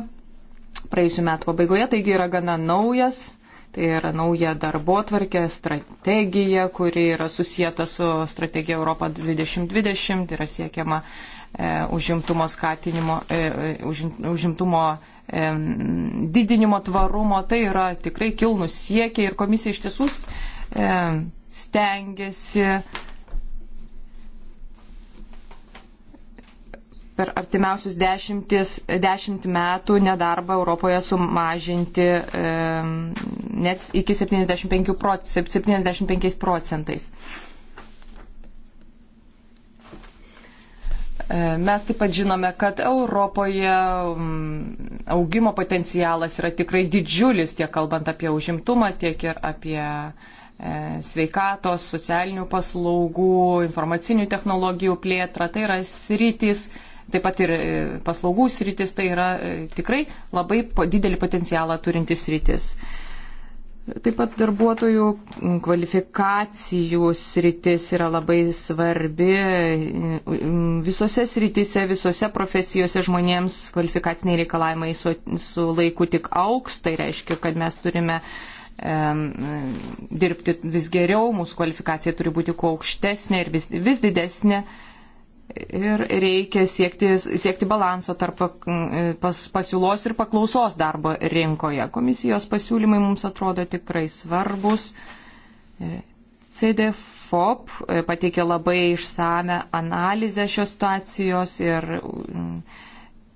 praėjusiu metu pabaigoje, taigi yra gana naujas Tai yra nauja darbo tvarkė, strategija, kuri yra susijęta su strategija Europa 2020, tai yra siekiama e, užimtumo skatinimo, e, e, užim, užimtumo e, didinimo tvarumo. Tai yra tikrai kilnus siekiai ir komisija iš tiesų e, stengiasi per artimiausius dešimtis, dešimt metų nedarbą Europoje sumažinti e, net iki 75, proc, 75 procentais. E, mes taip pat žinome, kad Europoje augimo potencialas yra tikrai didžiulis, tiek kalbant apie užimtumą, tiek ir apie e, sveikatos, socialinių paslaugų, informacinių technologijų plėtrą. Tai yra sritis, taip pat ir e, paslaugų sritis, tai yra e, tikrai labai didelį potencialą turintis sritis. Taip pat darbuotojų kvalifikacijų sritis yra labai svarbi. E, visose sritise, visose profesijose žmonėms kvalifikaciniai reikalavimai su, su laiku tik auks, tai reiškia, kad mes turime dirbti vis geriau, mūsų kvalifikacija turi būti kuo aukštesnė ir vis, vis didesnė ir reikia siekti, siekti balanso tarp mm, pas, pasiūlos ir paklausos darbo rinkoje. Komisijos pasiūlymai mums atrodo tikrai svarbus. CDFOP e, pateikė labai išsame analizę šios situacijos ir mm,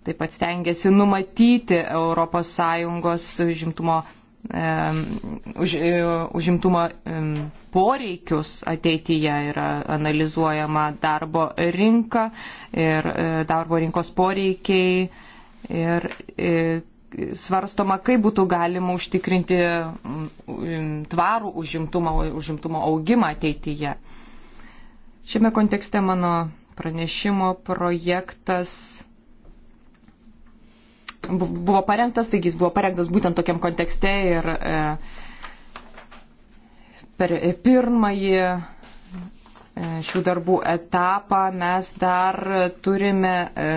taip pat stengiasi numatyti ES žimtumo už, e, užimtumo poreikius ateityje yra analizuojama darbo rinka ir e, darbo rinkos poreikiai ir e, svarstoma, kaip būtų galima užtikrinti tvarų užimtumą, užimtumo augimą ateityje. Šiame kontekste mano pranešimo projektas buvo parengtas, taigi jis buvo parengtas būtent tokiam kontekste ir e, per pirmąjį e, šių darbų etapą mes dar turime e,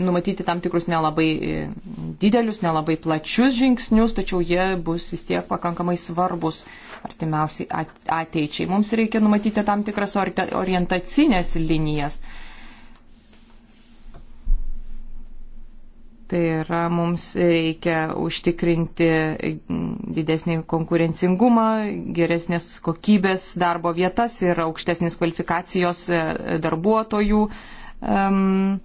numatyti tam tikrus nelabai didelius, nelabai plačius žingsnius, tačiau jie bus vis tiek pakankamai svarbus artimiausiai ateičiai. Mums reikia numatyti tam tikras orientacinės linijas. Tai yra, mums reikia užtikrinti didesnį konkurencingumą, geresnės kokybės darbo vietas ir aukštesnės kvalifikacijos e, darbuotojų. Um,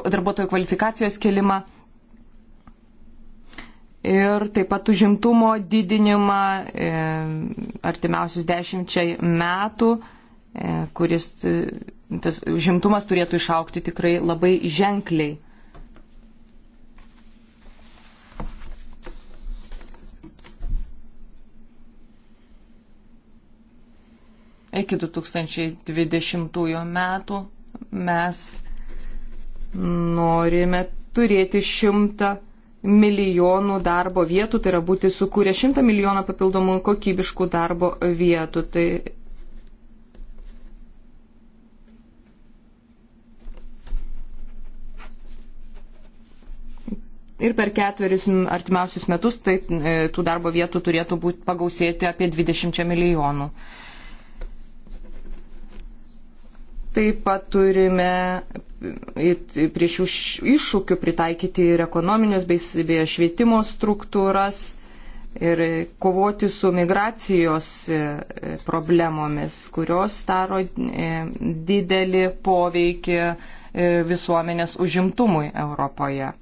darbuotojų kvalifikacijos kelimą ir taip pat užimtumo didinimą e, artimiausius dešimčiai metų, kuris tas žimtumas turėtų išaukti tikrai labai ženkliai. Iki 2020 metų mes norime turėti šimtą milijonų darbo vietų, tai yra būti sukūrę šimtą milijoną papildomų kokybiškų darbo vietų. Tai ir per ketveris artimiausius metus tai, e, tų darbo vietų turėtų būti pagausėti apie 20 milijonų. Taip pat turime prie šių iššūkių pritaikyti ir ekonominės bei, bei švietimo struktūras ir kovoti su migracijos e, problemomis, kurios daro e, didelį poveikį visuomenės užimtumui Europoje.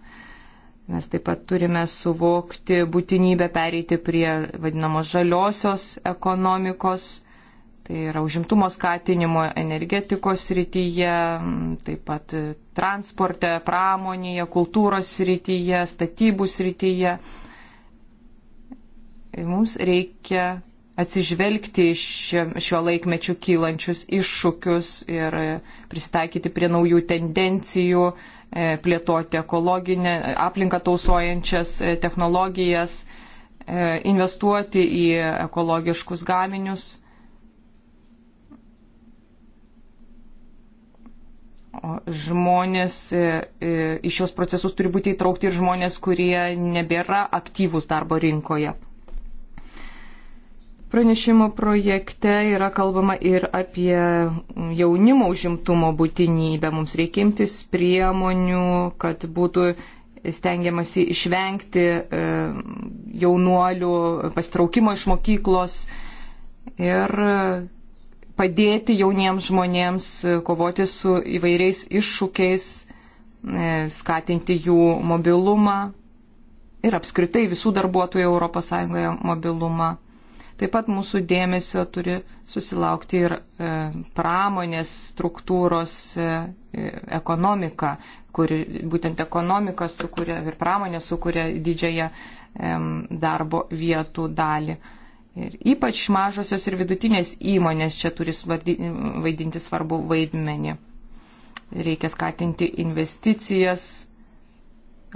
Mes taip pat turime suvokti būtinybę pereiti prie vadinamos žaliosios ekonomikos, tai yra užimtumo skatinimo energetikos srityje, taip pat transporte, pramonėje, kultūros srityje, statybų srityje. Ir mums reikia atsižvelgti iš šio laikmečių kylančius iššūkius ir pristaikyti prie naujų tendencijų, uh, E, plėtoti ekologinę, aplinką tausojančias e, technologijas, e, investuoti į ekologiškus gaminius. O žmonės, į šios procesus turi būti įtraukti ir žmonės, kurie nebėra aktyvūs darbo rinkoje. Pranešimo projekte yra kalbama ir apie jaunimo užimtumo būtinybę. Mums reikia imtis priemonių, kad būtų stengiamasi išvengti e, jaunuolių pastraukimo iš mokyklos ir padėti jauniems žmonėms kovoti su įvairiais iššūkiais, e, skatinti jų mobilumą ir apskritai visų darbuotojų ES mobilumą. Taip pat mūsų dėmesio turi susilaukti ir e, pramonės struktūros e, e, ekonomika, kuri būtent ekonomika sukuria ir pramonė sukuria didžiąją darbo vietų dalį. Ir ypač mažosios ir vidutinės įmonės čia turi vaidinti svarbu vaidmenį. Reikia skatinti investicijas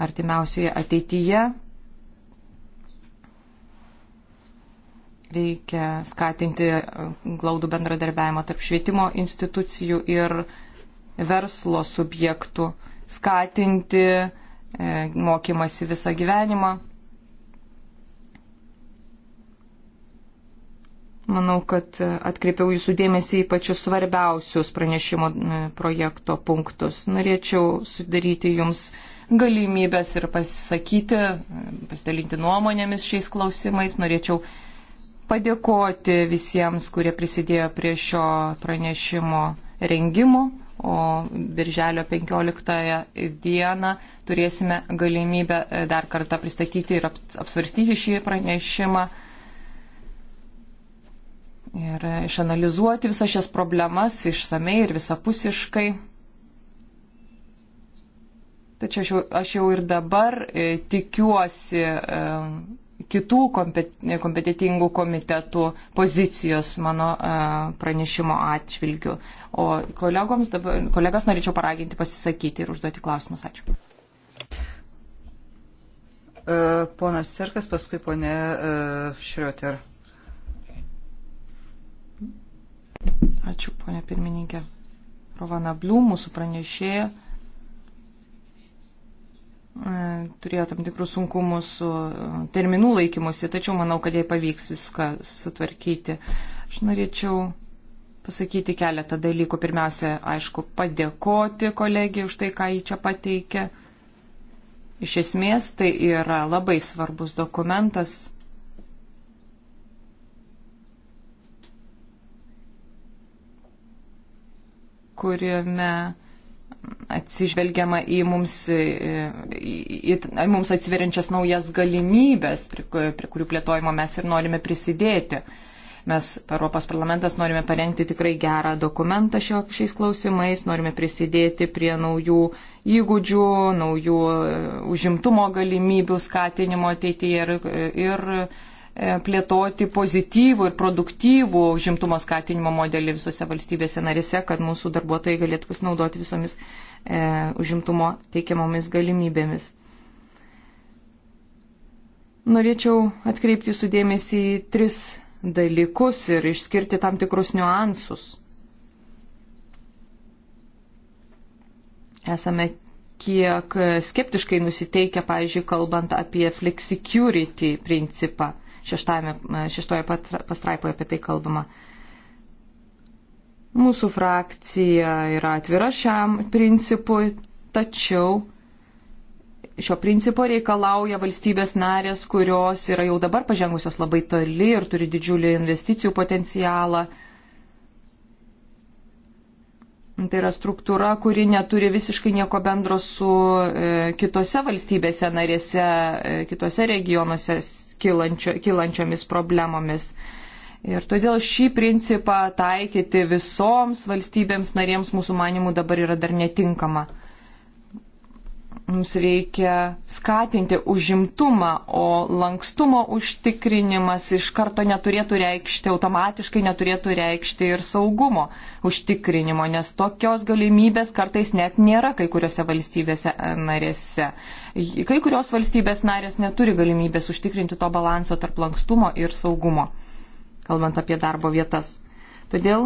artimiausioje ateityje Reikia skatinti e, glaudų bendradarbiavimą tarp švietimo institucijų ir verslo subjektų, skatinti e, mokymasi visą gyvenimą. Manau, kad e, atkreipiau jūsų dėmesį į pačius svarbiausius pranešimo projekto punktus. Norėčiau sudaryti jums galimybės ir pasisakyti, pasidalinti nuomonėmis šiais klausimais. Norėčiau padėkoti visiems, kurie prisidėjo prie šio pranešimo rengimo, o birželio 15 dieną turėsime galimybę e, dar kartą pristatyti ir apsvarstyti šį pranešimą ir išanalizuoti visas šias problemas išsamei ir visapusiškai. Tačiau aš jau ir dabar e, tikiuosi e, kitų kompetitingų komitetų pozicijos mano pranešimo atžvilgiu. O kolegoms dabar, kolegas norėčiau paraginti pasisakyti ir užduoti klausimus. Ačiū. E, ponas Serkas, paskui ponė e, Šrioter. Ačiū, ponė pirmininkė. Rovana Blių, mūsų pranešėja E, turėjo tam tikrų sunkumų su e, terminų laikymusi, tačiau manau, kad jai pavyks viską sutvarkyti. Aš norėčiau pasakyti keletą dalykų. Pirmiausia, aišku, padėkoti kolegijai už tai, ką jį čia pateikė. Iš esmės, tai yra labai svarbus dokumentas. kuriame atsižvelgiama į mums, e, į, į, į mums atsiveriančias naujas galimybės, prie, prie kurių plėtojimo mes ir norime prisidėti. Mes, Europos parlamentas, norime parengti tikrai gerą dokumentą šio, šiais klausimais, norime prisidėti prie naujų įgūdžių, naujų e, užimtumo galimybių skatinimo ateityje ir, ir E, plėtoti pozityvų ir produktyvų žimtumo skatinimo modelį visose valstybėse narise, kad mūsų darbuotojai galėtų pasinaudoti visomis e, užimtumo teikiamomis galimybėmis. Norėčiau atkreipti sudėmėsi į tris dalykus ir išskirti tam tikrus niuansus. Esame kiek skeptiškai nusiteikę, pavyzdžiui, kalbant apie flexicurity principą šeštame, e, šeštoje pastraipoje apie tai kalbama. Mūsų frakcija yra atvira šiam principui, tačiau šio principo reikalauja valstybės narės, kurios yra jau dabar pažengusios labai toli ir turi didžiulį investicijų potencialą. Tai yra struktūra, kuri neturi visiškai nieko bendro su e, kitose valstybėse narėse, e, kitose regionuose kilančio, kilančiomis problemomis. Ir todėl šį principą taikyti visoms valstybėms narėms mūsų manimų dabar yra dar netinkama. Mums reikia skatinti užimtumą, o lankstumo užtikrinimas iš karto neturėtų reikšti, automatiškai neturėtų reikšti ir saugumo užtikrinimo, nes tokios galimybės kartais net nėra kai kuriuose valstybėse e, narėse. Kai kurios valstybės narės neturi galimybės užtikrinti to balanso tarp lankstumo ir saugumo, kalbant apie darbo vietas. Todėl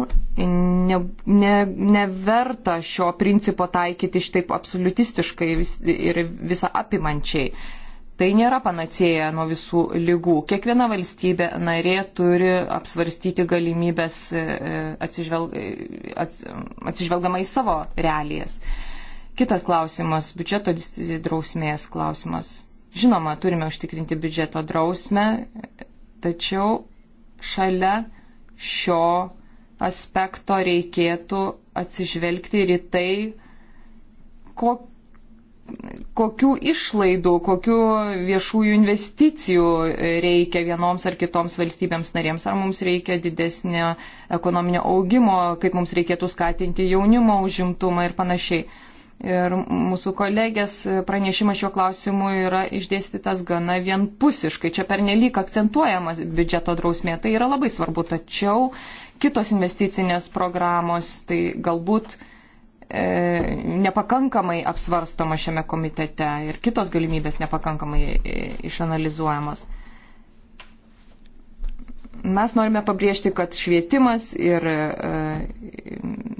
ne, ne, neverta šio principo taikyti šitaip absolutistiškai vis, ir visą apimančiai. Tai nėra panacėja nuo visų lygų. Kiekviena valstybė narė turi apsvarstyti galimybės e, atsižvelg, e, ats, atsižvelgdama į savo realijas. Kitas klausimas - biudžeto drausmės klausimas. Žinoma, turime užtikrinti biudžeto drausmę, tačiau šalia šio aspekto reikėtų atsižvelgti ir į tai, ko, kokių išlaidų, kokių viešųjų investicijų reikia vienoms ar kitoms valstybėms narėms. Ar mums reikia didesnio ekonominio augimo, kaip mums reikėtų skatinti jaunimo užimtumą ir panašiai. Ir mūsų kolegės pranešimas šiuo klausimu yra išdėstytas gana vienpusiškai. Čia pernelyg akcentuojamas biudžeto drausmė. Tai yra labai svarbu. Tačiau kitos investicinės programos, tai galbūt e, nepakankamai apsvarstoma šiame komitete ir kitos galimybės nepakankamai e, išanalizuojamos. Mes norime pabrėžti, kad švietimas ir e,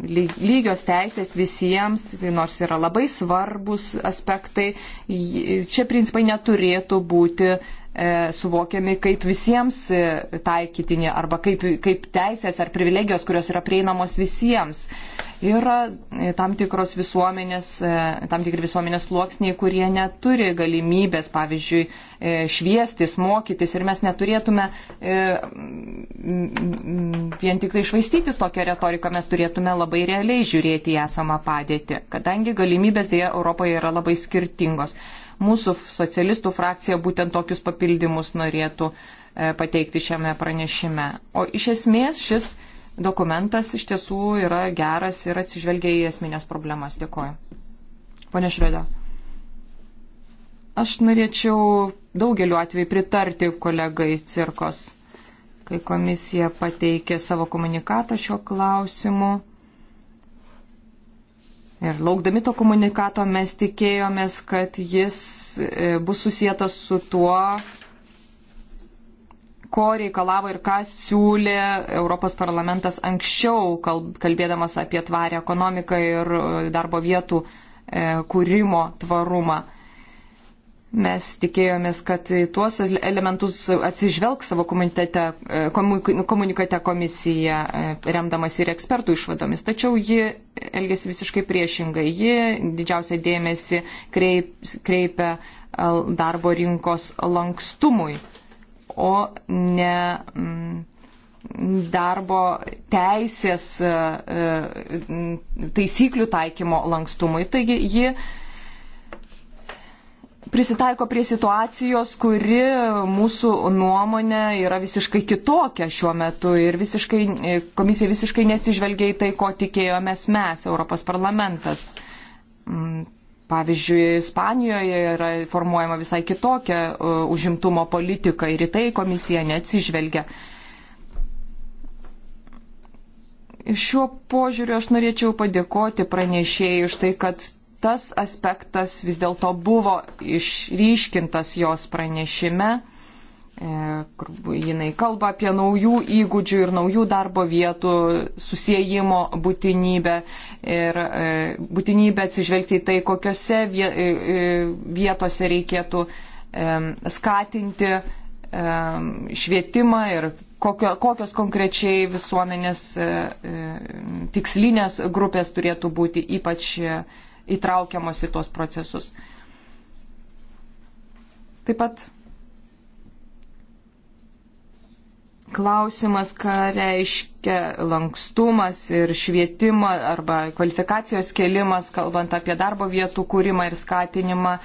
lygios teisės visiems, tai nors yra labai svarbus aspektai, čia principai neturėtų būti E, suvokiami kaip visiems e, taikytini arba kaip, kaip teisės ar privilegijos, kurios yra prieinamos visiems. Yra e, tam tikros visuomenės, tam tikri visuomenės sluoksniai, kurie neturi galimybės, pavyzdžiui, šviestis, mokytis ir mes neturėtume vien tik tai švaistytis tokią retoriką, mes turėtume labai realiai žiūrėti į esamą padėtį, kadangi galimybės dėja Europoje yra labai skirtingos. Mūsų socialistų frakcija būtent tokius papildymus norėtų e, pateikti šiame pranešime. O iš esmės šis dokumentas iš tiesų yra geras ir atsižvelgia į esminės problemas. Dėkuoju. Pone Šredo. Aš norėčiau daugeliu atveju pritarti kolegai cirkos, kai komisija pateikė savo komunikatą šio klausimu Ir laukdami to komunikato mes tikėjomės, kad jis e, bus susijęs su tuo, ko reikalavo ir ką siūlė Europos parlamentas anksčiau, kalbėdamas apie tvarę ekonomiką ir e, darbo vietų e, kūrimo tvarumą. Mes tikėjomės, kad tuos elementus atsižvelg savo e, komunikate komisija, e, remdamas ir ekspertų išvadomis. Tačiau ji elgesi visiškai priešingai. Ji didžiausia dėmesį kreip, kreipia darbo rinkos lankstumui, o ne mm, darbo teisės e, taisyklių taikymo lankstumui. Taigi ji prisitaiko prie situacijos, kuri mūsų nuomonė yra visiškai kitokia šiuo metu ir visiškai, komisija visiškai neatsižvelgia į tai, ko tikėjomės mes, Europos parlamentas. Mm, pavyzdžiui, Ispanijoje yra formuojama visai kitokia e, užimtumo politika ir į tai komisija neatsižvelgia. Šiuo požiūriu aš norėčiau padėkoti pranešėjai už tai, kad tas aspektas vis dėlto buvo išryškintas jos pranešime, e, kur jinai kalba apie naujų įgūdžių ir naujų darbo vietų susijimo būtinybę ir e, būtinybę atsižvelgti į tai, kokiose e, vietose reikėtų skatinti švietimą ir kokio, kokios konkrečiai visuomenės tikslinės grupės turėtų būti ypač įtraukiamos į tuos procesus. Taip pat klausimas, ką reiškia lankstumas ir švietimo arba kvalifikacijos kelimas, kalbant apie darbo vietų kūrimą ir skatinimą.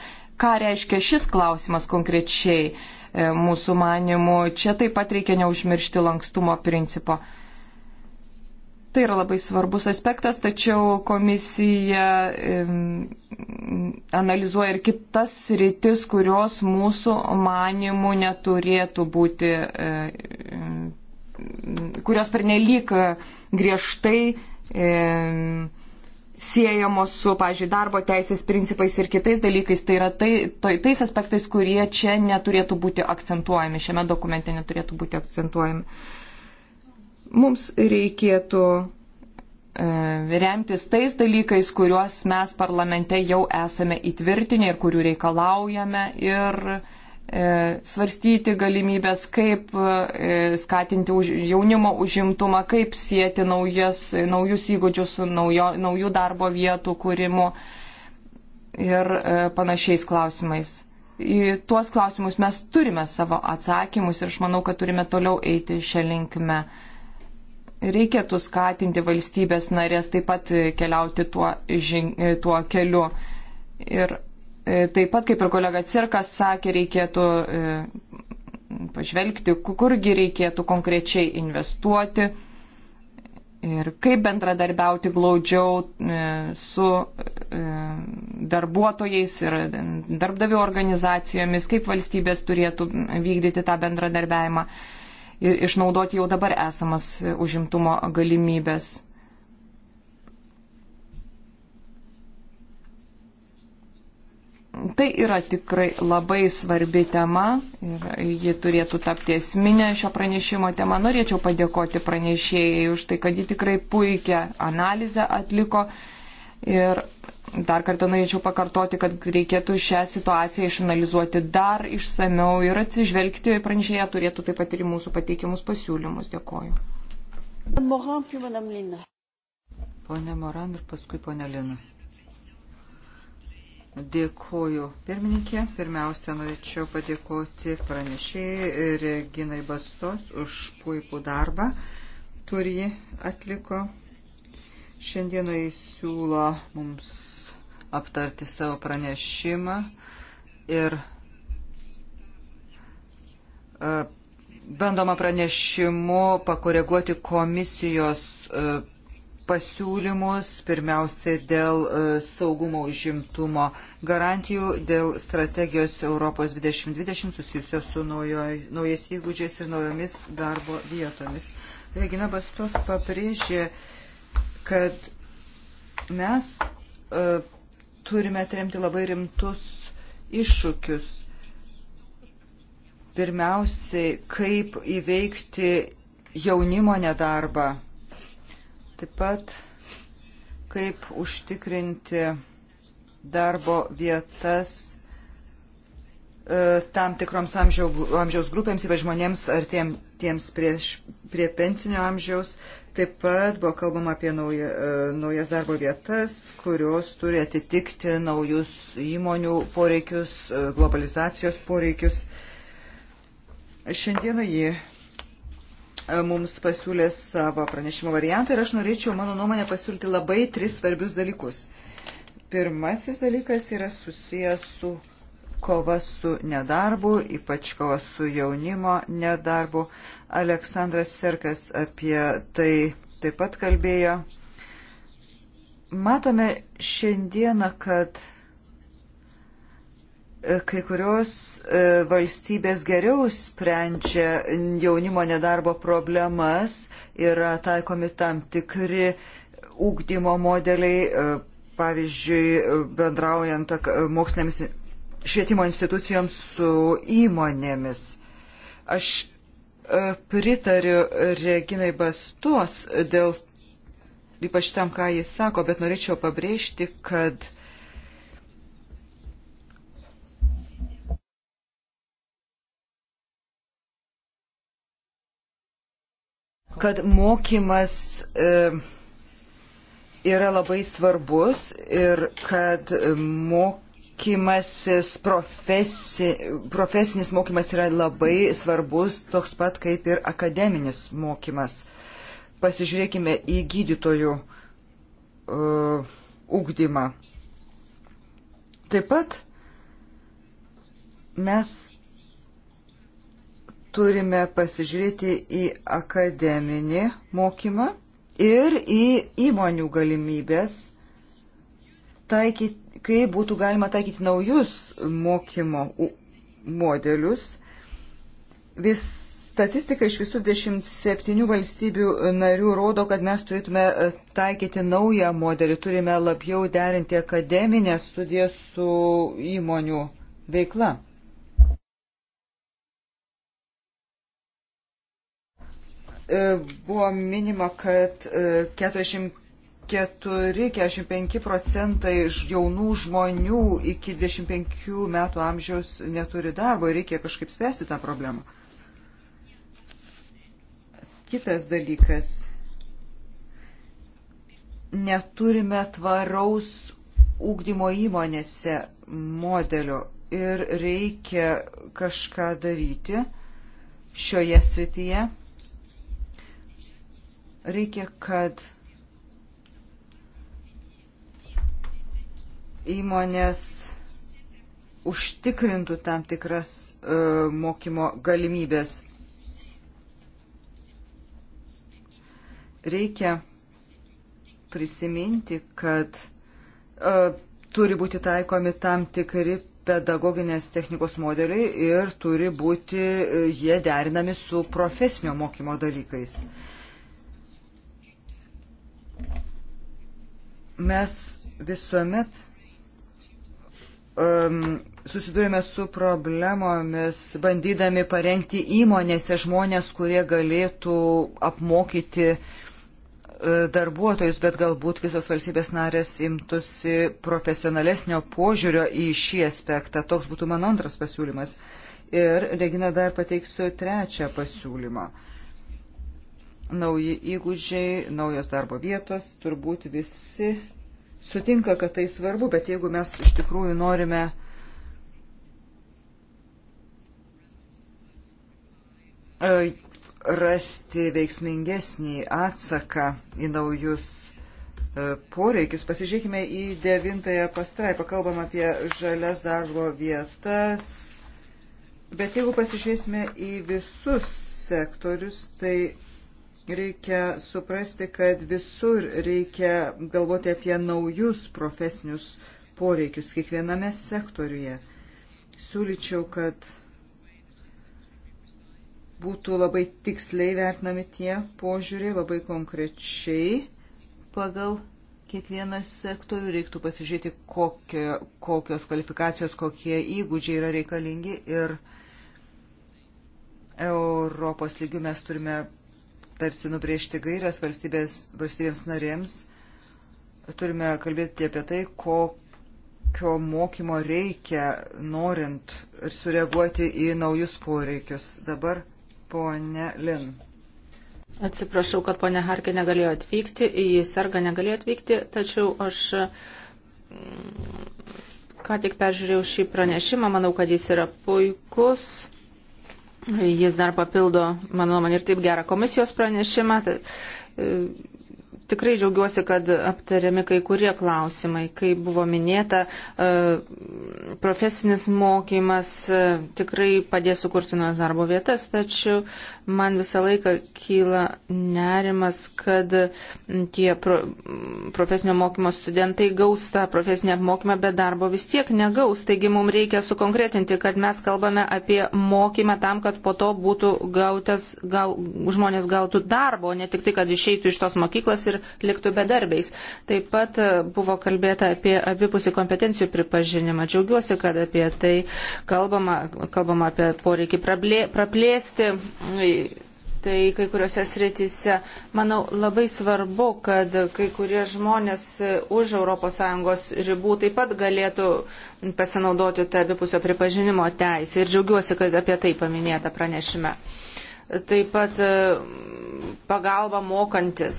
Ką reiškia šis klausimas konkrečiai e, mūsų manimu? Čia taip pat reikia neužmiršti lankstumo principo. Tai yra labai svarbus aspektas, tačiau komisija analizuoja ir kitas rytis, kurios mūsų manimų neturėtų būti, e, kurios pernelyg griežtai siejamos su, pažiūrėjau, darbo teisės principais ir kitais dalykais. Tai yra tai, tai, tais aspektais, kurie čia neturėtų būti akcentuojami, šiame dokumente neturėtų būti akcentuojami. Mums reikėtų e, remtis tais dalykais, kuriuos mes parlamente jau esame įtvirtinę ir kurių reikalaujame ir e, svarstyti galimybės, kaip e, skatinti už, jaunimo užimtumą, kaip sieti naujas, naujus įgūdžius su naujo, naujų darbo vietų kūrimu ir panašiais klausimais. Į tuos klausimus mes turime savo atsakymus ir aš manau, kad turime toliau eiti šią linkmę reikėtų skatinti valstybės narės taip pat keliauti tuo, žin, tuo keliu. Ir e, taip pat, kaip ir kolega Cirkas sakė, reikėtų e, pažvelgti, kurgi reikėtų konkrečiai investuoti ir kaip bendradarbiauti glaudžiau e, su darbuotojais ir darbdavių organizacijomis, kaip valstybės turėtų vykdyti tą bendradarbiavimą ir išnaudoti jau dabar esamas užimtumo galimybės. Tai yra tikrai labai svarbi tema ir ji turėtų tapti esminė šio pranešimo tema. Norėčiau padėkoti pranešėjai už tai, kad ji tikrai puikia analizę atliko Ir dar kartą norėčiau pakartoti, kad reikėtų šią situaciją išanalizuoti dar išsameu ir atsižvelgti pranešėje turėtų taip pat ir mūsų pateikimus pasiūlymus. Dėkoju. Pone Moran ir paskui pone Lina. Dėkoju pirmininkė. Pirmiausia, norėčiau padėkoti pranešėjai Reginai Bastos už puikų darbą, kurį atliko Šiandieną įsiūlo mums aptarti savo pranešimą ir e, bandoma pranešimu pakoreguoti komisijos e, pasiūlymus, pirmiausiai dėl e, saugumo užimtumo garantijų, dėl strategijos Europos 2020 susijusios su naujoj, naujais įgūdžiais ir naujomis darbo vietomis. Regina Bastos pabrėžė, kad mes uh, turime atremti labai rimtus iššūkius. Pirmiausiai, kaip įveikti jaunimo nedarbą. Taip pat, kaip užtikrinti darbo vietas e, tam tikroms amžiaus grupėms, ypač žmonėms artiems prie, prie pensinio amžiaus, Taip pat buvo kalbama apie nauja, e, naujas darbo vietas, kurios turi atitikti naujus įmonių poreikius, e, globalizacijos poreikius. Šiandieną ji e, mums pasiūlė savo pranešimo variantą ir aš norėčiau, mano nuomonė, pasiūlyti labai tris svarbius dalykus. Pirmasis dalykas yra susijęs su kova su nedarbu, ypač kova su jaunimo nedarbu. Aleksandras Serkas apie tai taip pat kalbėjo. Matome šiandieną, kad e, kai kurios e, valstybės geriau sprendžia jaunimo nedarbo problemas, yra taikomi tam tikri ūkdymo modeliai, e, pavyzdžiui, bendraujant mokslinėms švietimo institucijoms su įmonėmis. Aš e, pritariu Reginai Bastos dėl ypač tam, ką jis sako, bet norėčiau pabrėžti, kad kad mokymas e, yra labai svarbus ir kad mok mokymasis, profesi, profesinis mokymas yra labai svarbus, toks pat kaip ir akademinis mokymas. Pasižiūrėkime į gydytojų uh, ugdymą. Taip pat mes turime pasižiūrėti į akademinį mokymą ir į įmonių galimybės taikyti kaip būtų galima taikyti naujus mokymo modelius. Vis statistika iš visų 27 valstybių narių rodo, kad mes turėtume e, taikyti naują modelį, turime labiau derinti akademinę studiją su įmonių veikla. E, buvo minima, kad 40 e, 44-45 procentai jaunų žmonių iki 25 metų amžiaus neturi darbo ir reikia kažkaip spręsti tą problemą. Kitas dalykas. Neturime tvaraus ūkdymo įmonėse modelio ir reikia kažką daryti šioje srityje. Reikia, kad įmonės užtikrintų tam tikras e, mokymo galimybės. Reikia prisiminti, kad e, turi būti taikomi tam tikri pedagoginės technikos modeliai ir turi būti e, jie derinami su profesinio mokymo dalykais. Mes visuomet um, susidurime su problemomis, bandydami parengti įmonėse žmonės, kurie galėtų apmokyti uh, darbuotojus, bet galbūt visos valstybės narės imtųsi profesionalesnio požiūrio į šį aspektą. Toks būtų mano antras pasiūlymas. Ir, Regina, dar pateiksiu trečią pasiūlymą. Nauji įgūdžiai, naujos darbo vietos, turbūt visi sutinka, kad tai svarbu, bet jeigu mes iš tikrųjų norime e, rasti veiksmingesnį atsaką į naujus e, poreikius. Pasižiūrėkime į devintąją pastraipą, kalbam apie žalias darbo vietas, bet jeigu pasižiūrėsime į visus sektorius, tai reikia suprasti, kad visur reikia galvoti apie naujus profesinius poreikius kiekviename sektoriuje. Siūlyčiau, kad būtų labai tiksliai vertinami tie požiūriai, labai konkrečiai pagal kiekvieną sektorių. Reiktų pasižiūrėti, kokio, kokios kvalifikacijos, kokie įgūdžiai yra reikalingi ir Europos lygių mes turime tarsi nubriežti gairias valstybėms narėms. Turime kalbėti apie tai, kokio mokymo reikia, norint ir sureaguoti į naujus poreikius. Dabar ponė Lin. Atsiprašau, kad ponė Harkė negalėjo atvykti, į sergą negalėjo atvykti, tačiau aš mm, ką tik peržiūrėjau šį pranešimą, manau, kad jis yra puikus Jis dar papildo, mano nuomonė, ir taip gerą komisijos pranešimą. Tai, Tikrai džiaugiuosi, kad aptariami kai kurie klausimai. Kaip buvo minėta, e, profesinis mokymas e, tikrai padės sukurti nuo darbo vietas, tačiau man visą laiką kyla nerimas, kad tie pro, profesinio mokymo studentai gaus tą profesinį apmokymą, bet darbo vis tiek negaus. Taigi mums reikia sukonkretinti, kad mes kalbame apie mokymą tam, kad po to būtų gautas, gau, žmonės gautų darbo, ne tik tai, kad išeitų iš tos mokyklos. Ir ir liktų bedarbiais. Taip pat e, buvo kalbėta apie abipusį kompetencijų pripažinimą. Džiaugiuosi, kad apie tai kalbama, kalbama apie poreikį praplėsti. E, tai kai kuriuose sritise, manau, labai svarbu, kad kai kurie žmonės e, už ES ribų taip pat galėtų pasinaudoti tą abipusio pripažinimo teisę. Ir džiaugiuosi, kad apie tai paminėta pranešime taip pat pagalba mokantis.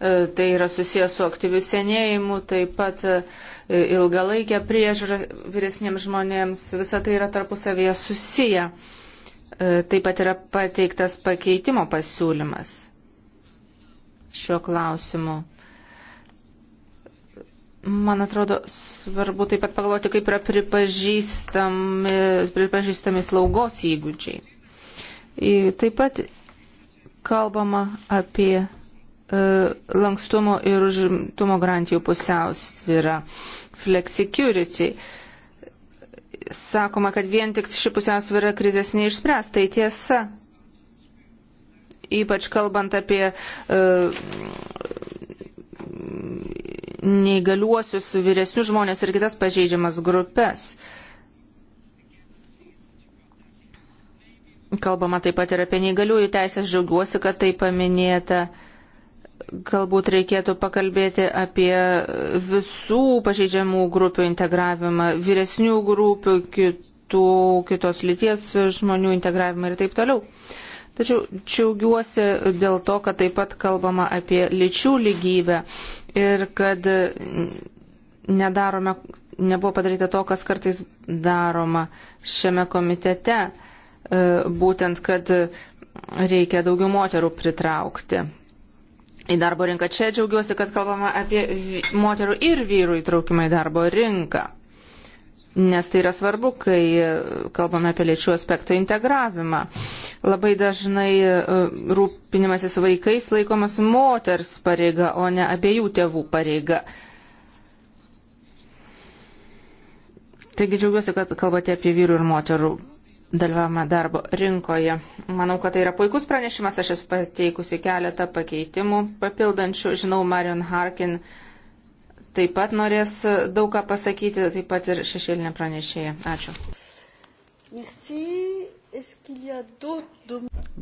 E, tai yra susijęs su aktyviu senėjimu, taip pat e, ilgalaikė priežiūra vyresniems žmonėms. Visa tai yra tarpusavėje susiję. E, taip pat yra pateiktas pakeitimo pasiūlymas šiuo klausimu. Man atrodo, svarbu taip pat pagalvoti, kaip yra pripažįstami, pripažįstami slaugos įgūdžiai. Taip pat kalbama apie E, lankstumo ir užimtumo garantijų pusiausvyrą, flexicurity. Sakoma, kad vien tik ši pusiausvyrą krizės neišspręs, tai tiesa. Ypač kalbant apie uh, neįgaliuosius, vyresnius žmonės ir kitas pažeidžiamas grupės. Kalbama taip pat ir apie neįgaliųjų teisės, džiaugiuosi, kad tai paminėta. Uh, Galbūt reikėtų pakalbėti apie visų pažeidžiamų grupių integravimą, vyresnių grupių, kitų, kitos lyties žmonių integravimą ir taip toliau. Tačiau džiaugiuosi dėl to, kad taip pat kalbama apie lyčių lygybę ir kad nedarome, nebuvo padaryta to, kas kartais daroma šiame komitete, e, būtent, kad reikia daugiau moterų pritraukti į darbo rinką. Čia džiaugiuosi, kad kalbama apie moterų ir vyrų įtraukimą į darbo rinką. Nes tai yra svarbu, kai kalbame apie lėčių aspektų integravimą. Labai dažnai e, rūpinimasis vaikais laikomas moters pareiga, o ne abiejų tėvų pareiga. Taigi džiaugiuosi, kad kalbate apie vyrų ir moterų dalyvavimą darbo rinkoje. Manau, kad tai yra puikus pranešimas, aš esu pateikusi keletą pakeitimų papildančių. Žinau, Marion Harkin taip pat norės daug ką pasakyti, taip pat ir šešėlinė pranešėja. Ačiū.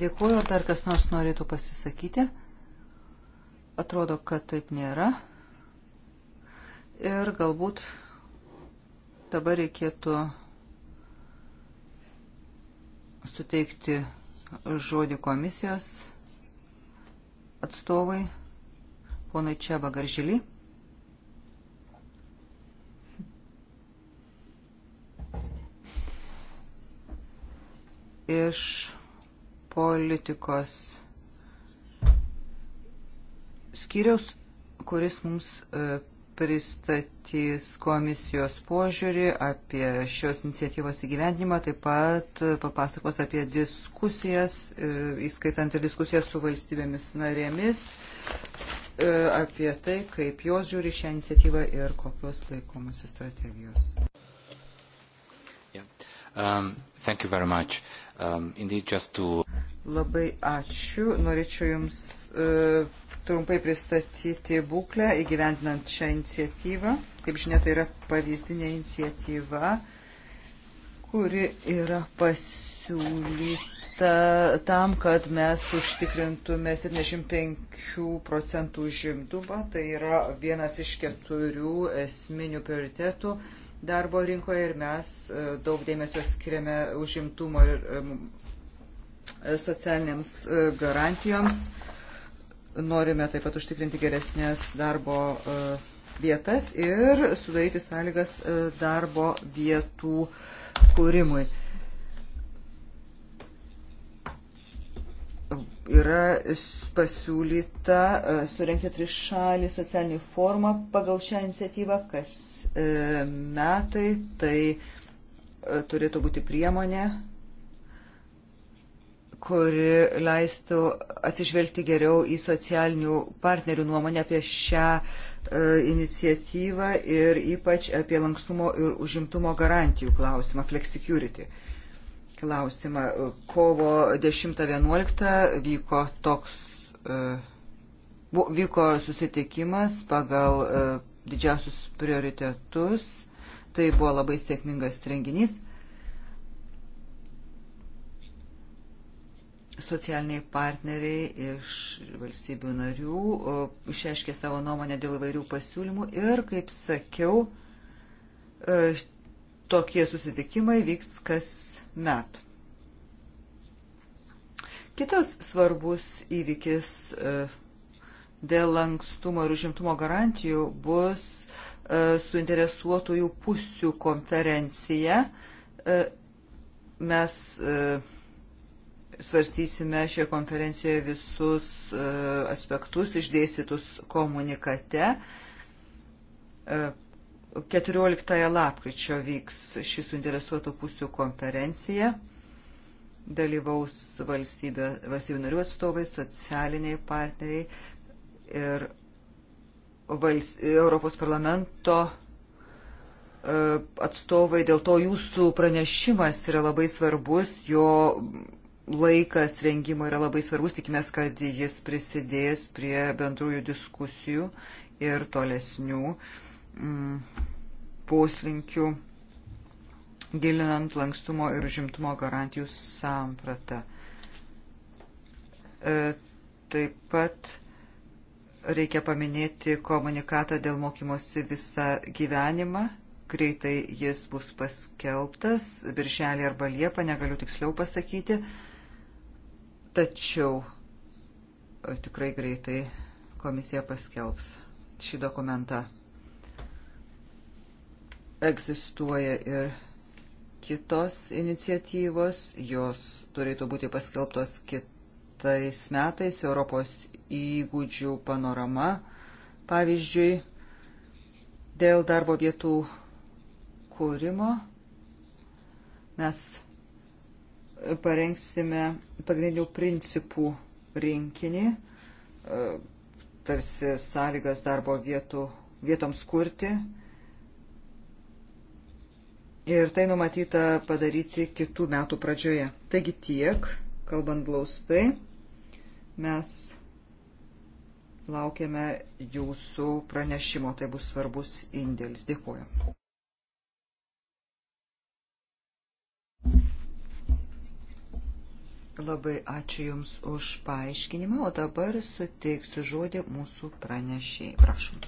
Dėkuoju, ar dar kas nors norėtų pasisakyti? Atrodo, kad taip nėra. Ir galbūt dabar reikėtų suteikti žodį komisijos atstovai, ponai Čeba Garžily. Iš politikos skyriaus, kuris mums e, pristatys komisijos požiūrį apie šios iniciatyvos įgyvendinimą, taip pat papasakos apie diskusijas, e, įskaitant ir diskusijas su valstybėmis narėmis, e, apie tai, kaip jos žiūri šią iniciatyvą ir kokios laikomasi strategijos. Yeah. Um, thank you very much. Um, indeed, just to... Labai ačiū. Norėčiau Jums uh, trumpai pristatyti būklę įgyventinant šią iniciatyvą. Kaip žinia, tai yra pavyzdinė iniciatyva, kuri yra pasiūlyta tam, kad mes užtikrintume 75 procentų žimtumą. Tai yra vienas iš keturių esminių prioritetų darbo rinkoje ir mes e, daug dėmesio skiriame užimtumo ir e, socialiniams e, garantijoms. Norime taip pat užtikrinti geresnės darbo e, vietas ir sudaryti sąlygas e, darbo vietų kūrimui. Yra pasiūlyta e, surenkti trišalį socialinį formą pagal šią iniciatyvą kas metai. Tai turėtų būti priemonė kuri leistų atsižvelgti geriau į socialinių partnerių nuomonę apie šią e, iniciatyvą ir ypač apie lankstumo ir užimtumo garantijų klausimą, flexicurity klausimą. Kovo 10-11 vyko toks, e, vyko susitikimas pagal e, didžiausius prioritetus. Tai buvo labai sėkmingas renginys. Socialiniai partneriai iš valstybių narių išreiškė savo nuomonę dėl įvairių pasiūlymų ir, kaip sakiau, e, tokie susitikimai vyks kas met. Kitas svarbus įvykis e, dėl lankstumo ir užimtumo garantijų bus e, suinteresuotųjų pusių konferencija. Mes svarstysime šioje konferencijoje visus e, aspektus išdėstytus komunikate. 14 e, lapkričio vyks šį suinteresuotų pusių konferencija. Dalyvaus valstybė, valstybių narių atstovai, socialiniai partneriai ir vals, Europos parlamento e, atstovai, dėl to jūsų pranešimas yra labai svarbus, jo laikas rengimo yra labai svarbus, tikimės, kad jis prisidės prie bendrųjų diskusijų ir tolesnių mm, poslinkių gilinant lankstumo ir žimtumo garantijų sampratą. E, taip pat reikia paminėti komunikatą dėl mokymosi visą gyvenimą. Greitai jis bus paskelbtas, birželį arba liepą, negaliu tiksliau pasakyti. E, Tačiau e, tikrai greitai komisija paskelbs šį dokumentą. Egzistuoja ir kitos iniciatyvos, jos turėtų būti paskelbtos kitais metais, Europos įgūdžių panorama, pavyzdžiui, dėl darbo vietų kūrimo. Mes parengsime pagrindinių principų rinkinį, e, tarsi sąlygas darbo vietų, vietoms kurti. Ir tai numatyta padaryti kitų metų pradžioje. Taigi tiek, kalbant glaustai, mes laukiame jūsų pranešimo. Tai bus svarbus indėlis. Dėkuoju. Labai ačiū Jums už paaiškinimą, o dabar suteiksiu žodį mūsų pranešėjai. Prašom.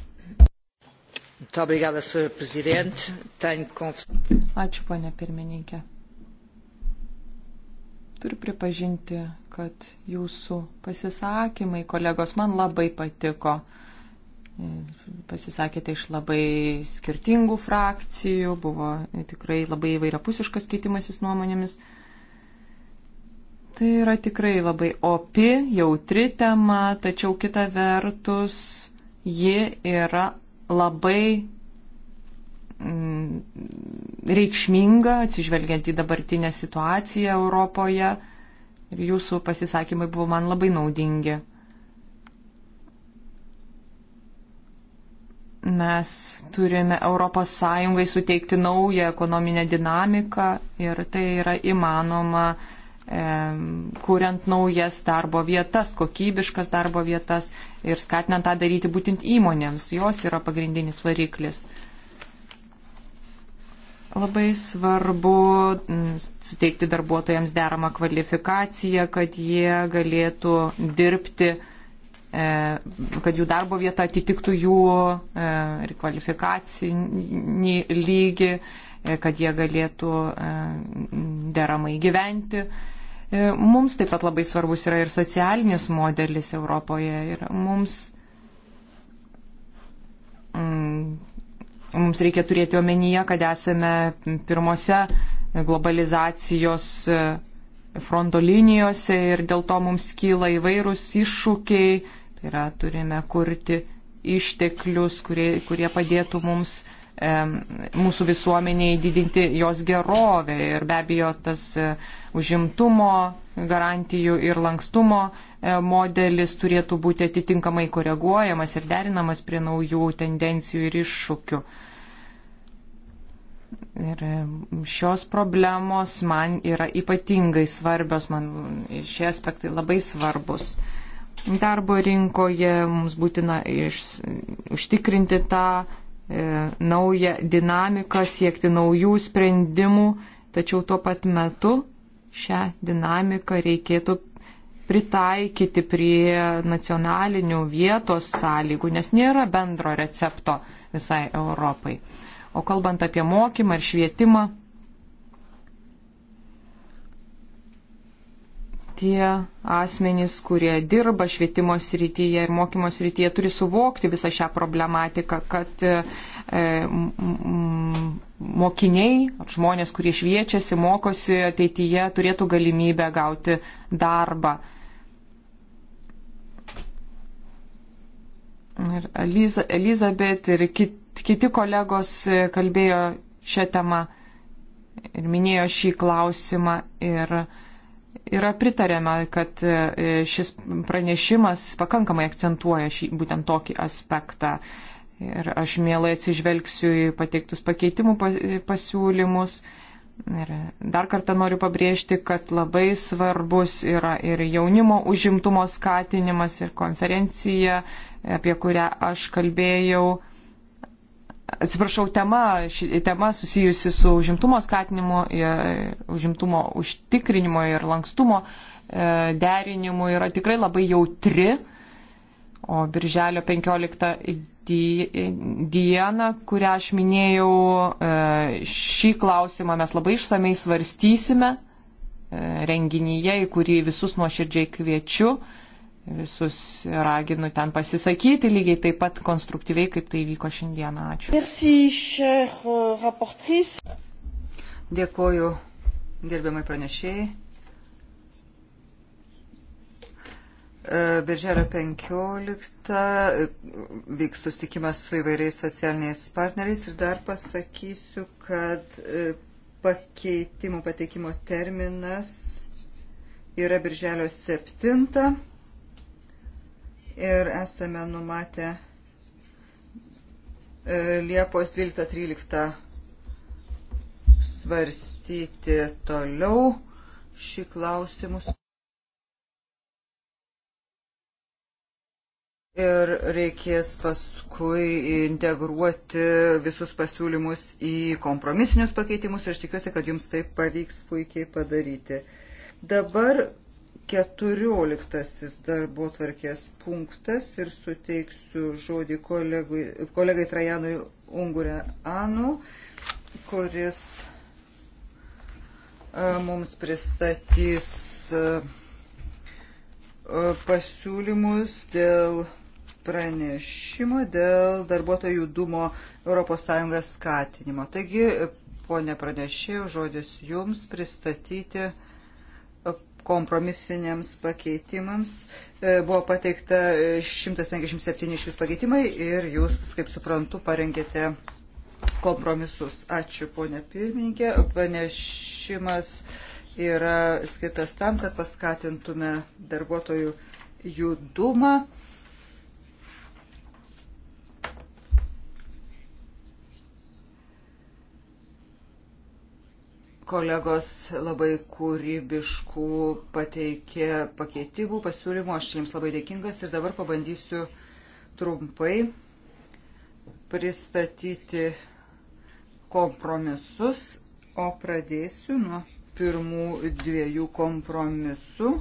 Ačiū, ponė pirmininkė. Turiu pripažinti, kad jūsų pasisakymai, kolegos, man labai patiko. Pasisakėte iš labai skirtingų frakcijų, buvo tikrai labai įvairiapusiškas keitimasis nuomonėmis. Tai yra tikrai labai opi, jautri tema, tačiau kita vertus ji yra labai mm, reikšminga, atsižvelgiant į dabartinę situaciją Europoje. Ir jūsų pasisakymai buvo man labai naudingi. Mes turime ES suteikti naują ekonominę dinamiką ir tai yra įmanoma E, kuriant naujas darbo vietas, kokybiškas darbo vietas ir skatinant tą daryti būtent įmonėms. Jos yra pagrindinis variklis. Labai svarbu suteikti darbuotojams deramą kvalifikaciją, kad jie galėtų dirbti, e, kad jų darbo vieta atitiktų jų e, kvalifikacinį lygį E, kad jie galėtų e, deramai gyventi. E, mums taip pat labai svarbus yra ir socialinis modelis Europoje ir mums, mm, mums reikia turėti omenyje, kad esame pirmose globalizacijos fronto linijose ir dėl to mums kyla įvairūs iššūkiai. Tai yra, turime kurti išteklius, kurie, kurie padėtų mums mūsų visuomeniai didinti jos gerovę ir be abejo tas e, užimtumo garantijų ir lankstumo e, modelis turėtų būti atitinkamai koreguojamas ir derinamas prie naujų tendencijų ir iššūkių. Ir e, šios problemos man yra ypatingai svarbios, man šie aspektai labai svarbus. Darbo rinkoje mums būtina iš, užtikrinti tą E, naują dinamiką, siekti naujų sprendimų, tačiau tuo pat metu šią dinamiką reikėtų pritaikyti prie nacionalinių vietos sąlygų, nes nėra bendro recepto visai Europai. O kalbant apie mokymą ir švietimą, tie asmenys, kurie dirba švietimo srityje ir mokymo srityje, turi suvokti visą šią problematiką, kad e, mokiniai ar žmonės, kurie šviečiasi, mokosi ateityje, turėtų galimybę gauti darbą. Ir Eliza, Elizabet ir kit, kiti kolegos e, kalbėjo šią temą ir minėjo šį klausimą. Ir, uh, yra pritarėme, kad e, šis pranešimas pakankamai akcentuoja šį, būtent tokį aspektą. Ir aš mielai atsižvelgsiu į pateiktus pakeitimų pasiūlymus. Ir dar kartą noriu pabrėžti, kad labai svarbus yra ir jaunimo užimtumo skatinimas, ir konferencija, apie kurią aš kalbėjau atsiprašau, tema, ši, tema susijusi su užimtumo skatinimu, e, užimtumo užtikrinimu ir lankstumo e, derinimu yra tikrai labai jautri. O birželio 15 dieną, kurią aš minėjau, e, šį klausimą mes labai išsamei svarstysime renginyje, į kurį visus nuoširdžiai kviečiu visus raginu ten pasisakyti lygiai taip pat konstruktyviai, kaip tai vyko šiandieną. Ačiū. Merci, euh, Dėkoju gerbiamai pranešėjai. E, birželio 15 e, vyks sustikimas su įvairiais socialiniais partneriais ir dar pasakysiu, kad e, pakeitimų pateikimo terminas yra birželio 7 ir esame numatę e, Liepos 12-13 svarstyti toliau šį klausimus. Ir reikės paskui integruoti visus pasiūlymus į kompromisinius pakeitimus ir aš tikiuosi, kad jums tai pavyks puikiai padaryti. Dabar keturioliktasis darbo tvarkės punktas ir suteiksiu žodį kolegui, kolegai Trajanui Ungurė Anu, kuris e, mums pristatys e, pasiūlymus dėl pranešimo dėl darbuotojų judumo ES skatinimo. Taigi, ponė pranešėjau, žodis jums pristatyti uh, kompromisiniams pakeitimams. E, buvo pateikta 157 e, iš vis pakeitimai ir jūs, kaip suprantu, parengėte kompromisus. Ačiū, ponė pirmininkė. Panešimas yra skirtas tam, kad paskatintume darbuotojų judumą kolegos labai kūrybiškų pateikė pakeitimų, pasiūlymų, aš jiems labai dėkingas ir dabar pabandysiu trumpai pristatyti kompromisus, o pradėsiu nuo pirmų dviejų kompromisų,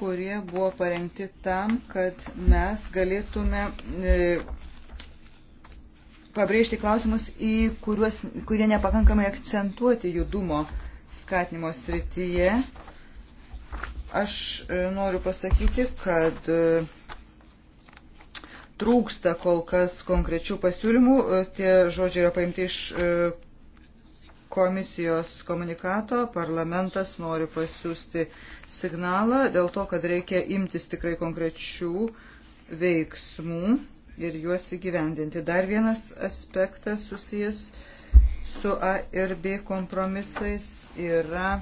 kurie buvo parengti tam, kad mes galėtume e, pabrėžti klausimus, į kuriuos, kurie nepakankamai akcentuoti judumo skatinimo srityje. Aš e, noriu pasakyti, kad e, trūksta kol kas konkrečių pasiūlymų. E, tie žodžiai yra paimti iš komisijos komunikato. Parlamentas nori pasiūsti signalą dėl to, kad reikia imtis tikrai konkrečių veiksmų ir juos įgyvendinti. Dar vienas aspektas susijęs su A ir B kompromisais yra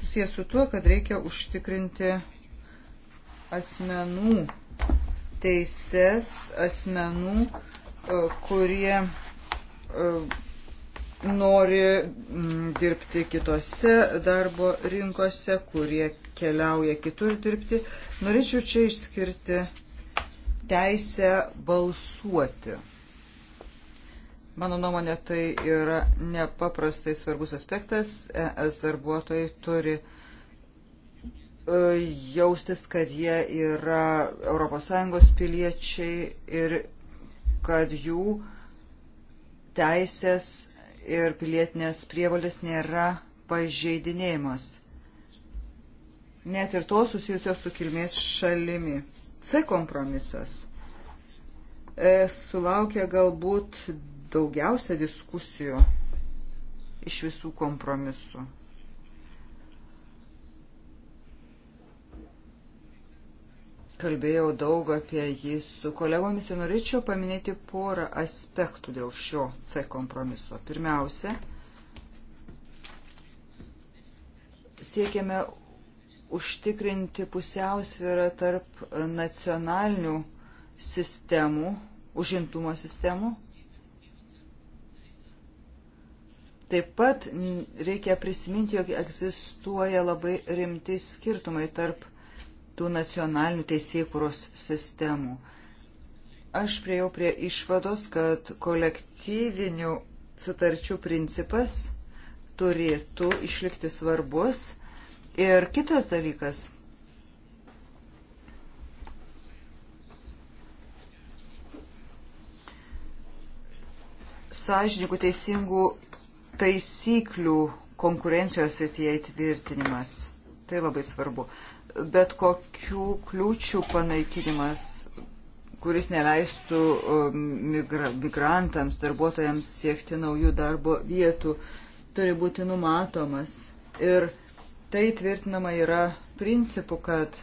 susijęs su tuo, kad reikia užtikrinti asmenų teises, asmenų, e, kurie e, nori dirbti kitose darbo rinkose, kurie keliauja kitur dirbti. Norėčiau čia išskirti teisę balsuoti. Mano nuomonė, tai yra nepaprastai svarbus aspektas. ES darbuotojai turi e, jaustis, kad jie yra ES piliečiai ir kad jų teisės ir pilietinės prievalės nėra pažeidinėjimas. Net ir to susijusios su kilmės šalimi. C kompromisas e, sulaukia galbūt daugiausia diskusijų iš visų kompromisų. Kalbėjau daug apie jį su kolegomis ir norėčiau paminėti porą aspektų dėl šio C kompromiso. Pirmiausia, siekiame užtikrinti pusiausvyrą tarp nacionalinių sistemų, užimtumo sistemų. Taip pat reikia prisiminti, jog egzistuoja labai rimti skirtumai tarp tų nacionalinių teisėkuros sistemų. Aš priejau prie išvados, kad kolektyvinių sutarčių principas turėtų išlikti svarbus Ir kitas dalykas. Sąžininkų teisingų taisyklių konkurencijos srityje įtvirtinimas. Tai labai svarbu. Bet kokių kliūčių panaikinimas, kuris neleistų um, migra migrantams, darbuotojams siekti naujų darbo vietų, turi būti numatomas. Ir tai tvirtinama yra principu, kad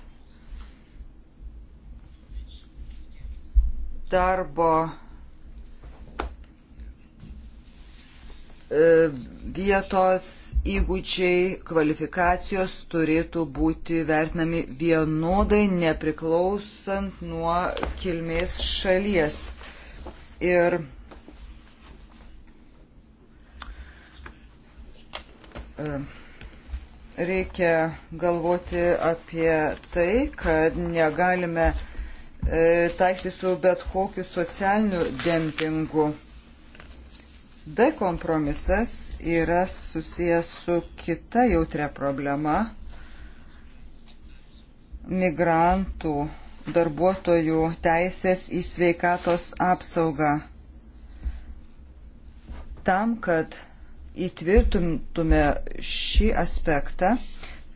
darbo e, vietos įgūdžiai, kvalifikacijos turėtų būti vertinami vienodai, nepriklausant nuo kilmės šalies. Ir uh, reikia galvoti apie tai, kad negalime e, taiksti su bet kokiu socialiniu dempingu. D kompromisas yra susijęs su kita jautria problema - migrantų darbuotojų teisės į sveikatos apsaugą. Tam, kad įtvirtintume šį aspektą,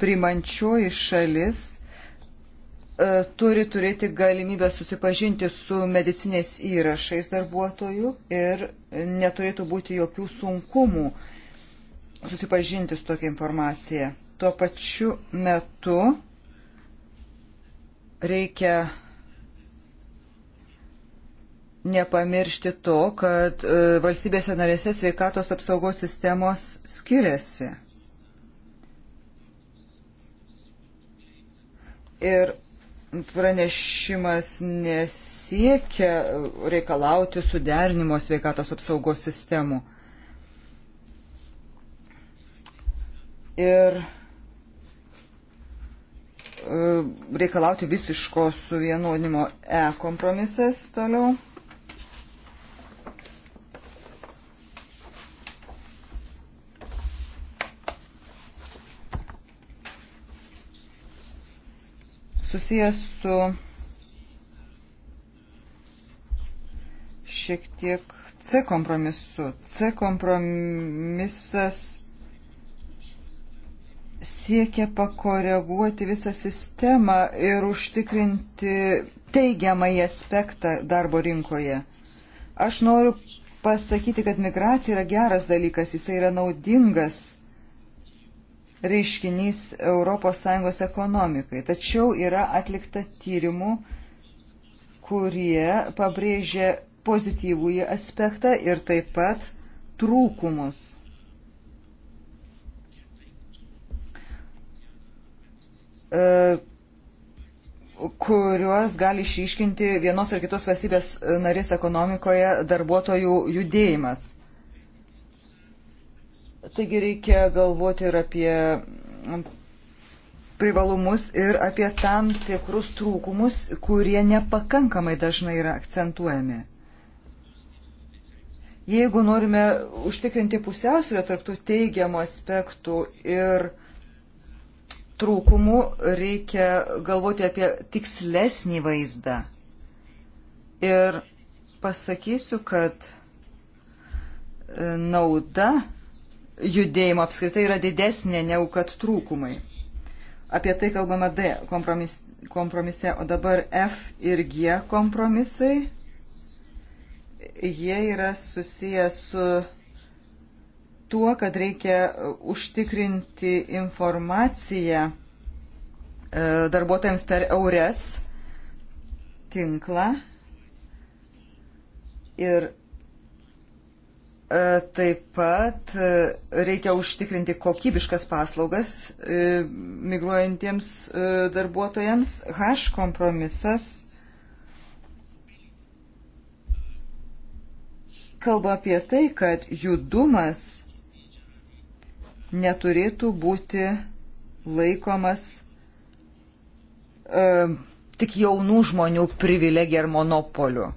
primančioji šalis e, turi turėti galimybę susipažinti su medicinės įrašais darbuotojų ir neturėtų būti jokių sunkumų susipažinti su tokia informacija. Tuo pačiu metu reikia nepamiršti to, kad e, valstybėse narėse sveikatos apsaugos sistemos skiriasi. Ir pranešimas nesiekia reikalauti suderinimo sveikatos apsaugos sistemų. Ir e, reikalauti visiško suvienodinimo e kompromisas toliau. susijęs su šiek tiek C kompromisu. C kompromisas siekia pakoreguoti visą sistemą ir užtikrinti teigiamąjį aspektą darbo rinkoje. Aš noriu pasakyti, kad migracija yra geras dalykas, jis yra naudingas reiškinys ES ekonomikai. Tačiau yra atlikta tyrimų, kurie pabrėžia pozityvųjį aspektą ir taip pat trūkumus. E, kuriuos gali išryškinti vienos ar kitos valstybės narės ekonomikoje darbuotojų judėjimas. Taigi reikia galvoti ir apie privalumus ir apie tam tikrus trūkumus, kurie nepakankamai dažnai yra akcentuojami. Jeigu norime užtikrinti pusiausvyrą tarptų teigiamų aspektų ir trūkumų, reikia galvoti apie tikslesnį vaizdą. Ir pasakysiu, kad nauda judėjimo apskritai yra didesnė negu kad trūkumai. Apie tai kalbame D kompromis, kompromise, o dabar F ir G kompromisai. Jie yra susiję su tuo, kad reikia užtikrinti informaciją e, darbuotojams per eures tinklą ir E, taip pat e, reikia užtikrinti kokybiškas paslaugas e, migruojantiems darbuotojams. H kompromisas kalba apie tai, kad judumas neturėtų būti laikomas e, tik jaunų žmonių privilegija ir monopoliu.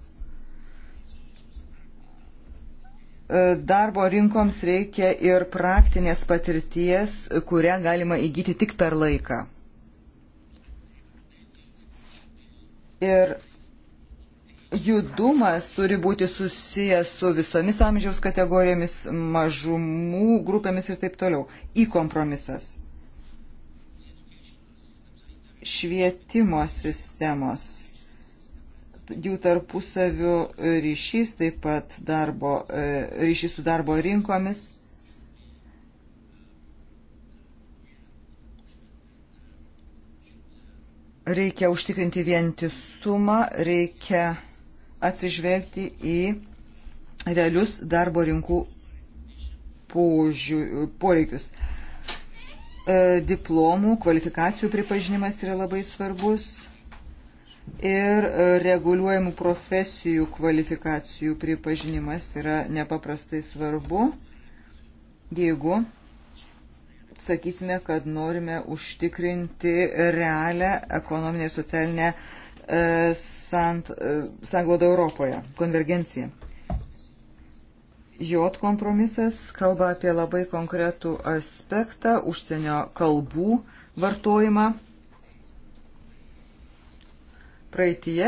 darbo rinkoms reikia ir praktinės patirties, kurią galima įgyti tik per laiką. Ir judumas turi būti susijęs su visomis amžiaus kategorijomis, mažumų grupėmis ir taip toliau. Į kompromisas. Švietimo sistemos jų tarpusavio ryšys, taip pat darbo, e, ryšys su darbo rinkomis. Reikia užtikrinti vientisumą, reikia atsižvelgti į realius darbo rinkų požiū, poreikius. E, diplomų, kvalifikacijų pripažinimas yra labai svarbus ir e, reguliuojamų profesijų kvalifikacijų pripažinimas yra nepaprastai svarbu, jeigu sakysime, kad norime užtikrinti realią ekonominę ir socialinę e, e, sanglodą Europoje, konvergenciją. Jot kompromisas kalba apie labai konkretų aspektą užsienio kalbų vartojimą praeitie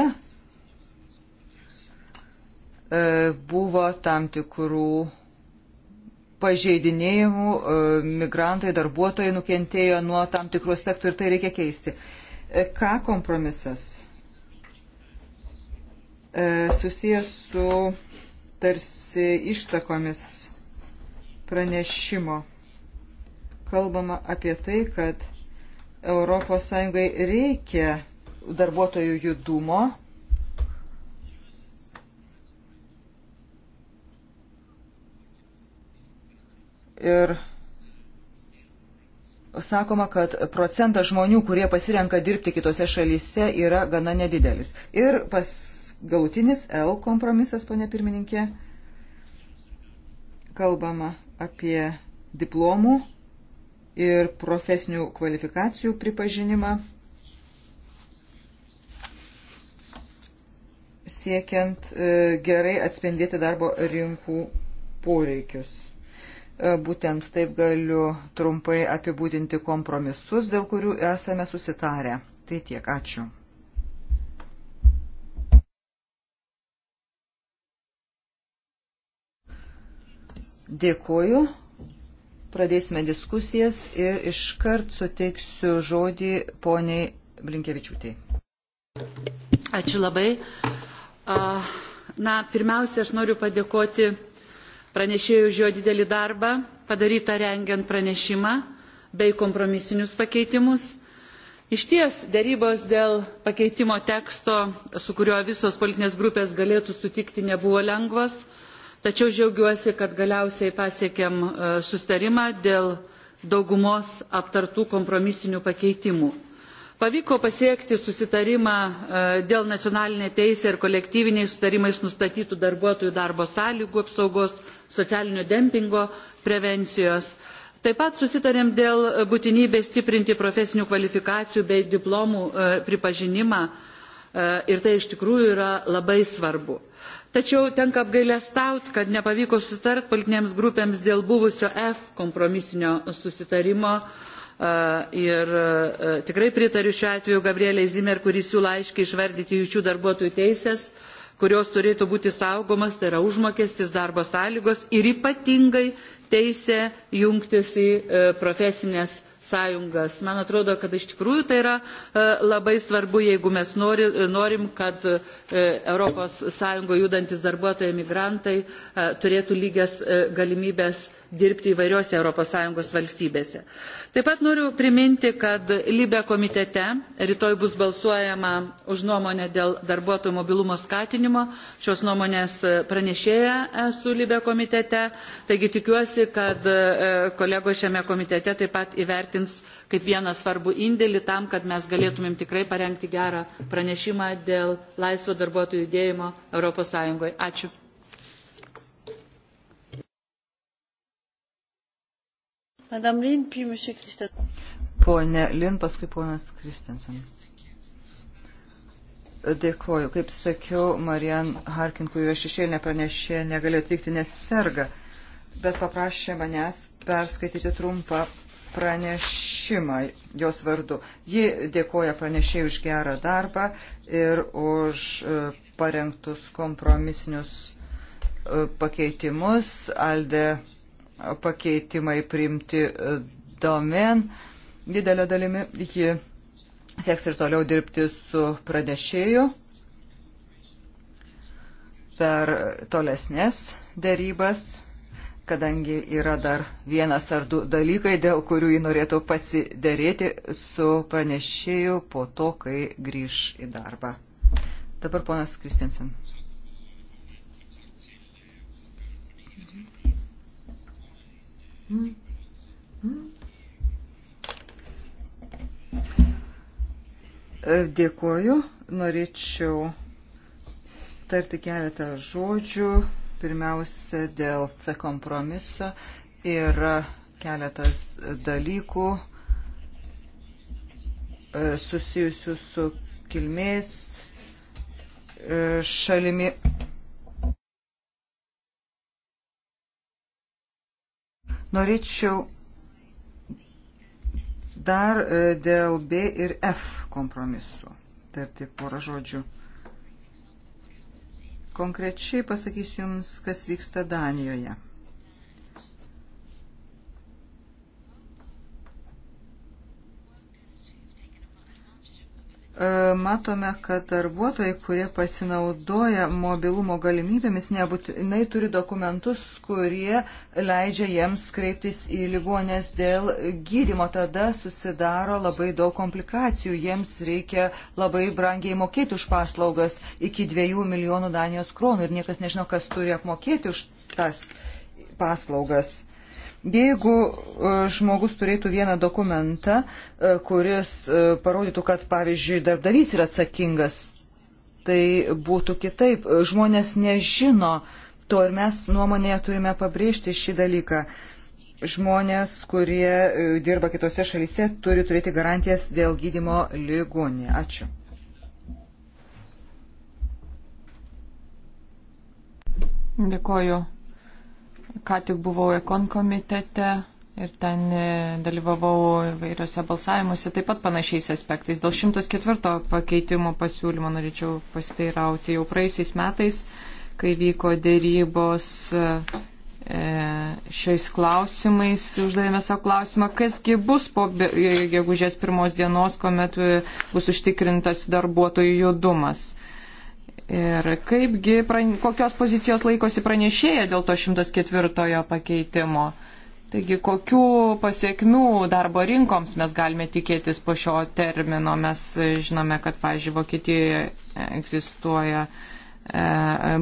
e, buvo tam tikrų pažeidinėjimų, e, migrantai, darbuotojai nukentėjo nuo tam tikrų aspektų ir tai reikia keisti. E, ką kompromisas? Susijęs su tarsi ištakomis pranešimo. Kalbama apie tai, kad ES reikia darbuotojų judumo. Ir sakoma, kad procentas žmonių, kurie pasirenka dirbti kitose šalyse, yra gana nedidelis. Ir pas galutinis L kompromisas, ponė pirmininkė, kalbama apie diplomų ir profesinių kvalifikacijų pripažinimą. siekiant e, gerai atspindėti darbo rinkų poreikius. E, būtent taip galiu trumpai apibūdinti kompromisus, dėl kurių esame susitarę. Tai tiek, ačiū. Dėkuoju. Pradėsime diskusijas ir iškart suteiksiu žodį poniai Blinkevičiūtei. Ačiū labai. Na, pirmiausia, aš noriu padėkoti pranešėjų už jo didelį darbą, padarytą rengiant pranešimą bei kompromisinius pakeitimus. Iš ties dėrybos dėl pakeitimo teksto, su kuriuo visos politinės grupės galėtų sutikti, nebuvo lengvos, tačiau žiaugiuosi, kad galiausiai pasiekėm e, sustarimą dėl daugumos aptartų kompromisinių pakeitimų. Pavyko pasiekti susitarimą e, dėl nacionalinė teisė ir kolektyviniais sutarimais nustatytų darbuotojų darbo sąlygų apsaugos, socialinio dempingo prevencijos. Taip pat susitarėm dėl būtinybės stiprinti profesinių kvalifikacijų bei diplomų e, pripažinimą e, ir tai iš tikrųjų yra labai svarbu. Tačiau tenka apgailestauti, kad nepavyko susitart politinėms grupėms dėl buvusio F kompromisinio susitarimo Ir tikrai pritariu šiuo atveju Gabrieliai Zimer, kuris siūlo aiškiai išvardyti jų darbuotojų teisės, kurios turėtų būti saugomas, tai yra užmokestis, darbo sąlygos ir ypatingai teisė jungtis į e, profesinės sąjungas. Man atrodo, kad iš tikrųjų tai yra e, labai svarbu, jeigu mes nori, e, norim, kad ES judantis darbuotojai migrantai turėtų lygias galimybės dirbti įvairiose ES valstybėse. Taip pat noriu priminti, kad Libė komitete rytoj bus balsuojama už nuomonę dėl darbuotojų mobilumo skatinimo. Šios nuomonės pranešėja esu Libė komitete, taigi tikiuosi, kad e, kolegos šiame komitete taip pat įvertins kaip vieną svarbų indėlį tam, kad mes galėtumėm tikrai parengti gerą pranešimą dėl laisvo darbuotojų judėjimo ES. Ačiū. Madame Lin, puis Monsieur Christensen. Pone Lin, paskui ponas Kristensen. Dėkoju. Kaip sakiau, Marian Harkin, kuri yra šešėlinė pranešė, negali atvykti, nes serga, bet paprašė manęs perskaityti trumpą pranešimą jos vardu. Ji dėkoja pranešėjai už gerą darbą ir už e, parengtus kompromisinius e, pakeitimus. Alde pakeitimai priimti e, domen. Didelio dalimi ji sieks ir toliau dirbti su pranešėju per tolesnės dėrybas, kadangi yra dar vienas ar du dalykai, dėl kurių ji norėtų pasidėrėti su pranešėju po to, kai grįž į darbą. Dabar ponas Kristinsen. E, Dėkuoju, norėčiau tarti keletą žodžių. Pirmiausia, dėl C kompromiso yra keletas dalykų e, susijusių su kilmės e, šalimi Norėčiau dar e, dėl B ir F kompromisų tarti porą žodžių. Konkrečiai pasakysiu Jums, kas vyksta Danijoje. E, matome, kad darbuotojai, kurie pasinaudoja mobilumo galimybėmis, nebūtinai turi dokumentus, kurie leidžia jiems kreiptis į ligonės dėl gydimo. Tada susidaro labai daug komplikacijų. Jiems reikia labai brangiai mokėti už paslaugas iki dviejų milijonų Danijos kronų ir niekas nežino, kas turi apmokėti už tas paslaugas. Jeigu e, žmogus turėtų vieną dokumentą, e, kuris e, parodytų, kad, pavyzdžiui, darbdavys yra atsakingas, tai būtų kitaip. Žmonės nežino to ir mes nuomonėje turime pabrėžti šį dalyką. Žmonės, kurie dirba kitose šalyse, turi turėti garantijas dėl gydimo ligonė. Ačiū. Dėkoju Ką tik buvau Ekon komitete ir ten e, dalyvavau įvairiose balsavimuose taip pat panašiais aspektais. Dėl 104 pakeitimo pasiūlymo norėčiau pasteirauti jau praeisiais metais, kai vyko dėrybos e, šiais klausimais, uždavėme savo klausimą, kasgi bus po gegužės pirmos dienos, kuomet bus užtikrintas darbuotojų judumas. Ir kaipgi, kokios pozicijos laikosi pranešėja dėl to 104 pakeitimo? Taigi, kokių pasiekmių darbo rinkoms mes galime tikėtis po šio termino? Mes e, žinome, kad, pavyzdžiui, Vokietijoje egzistuoja, e,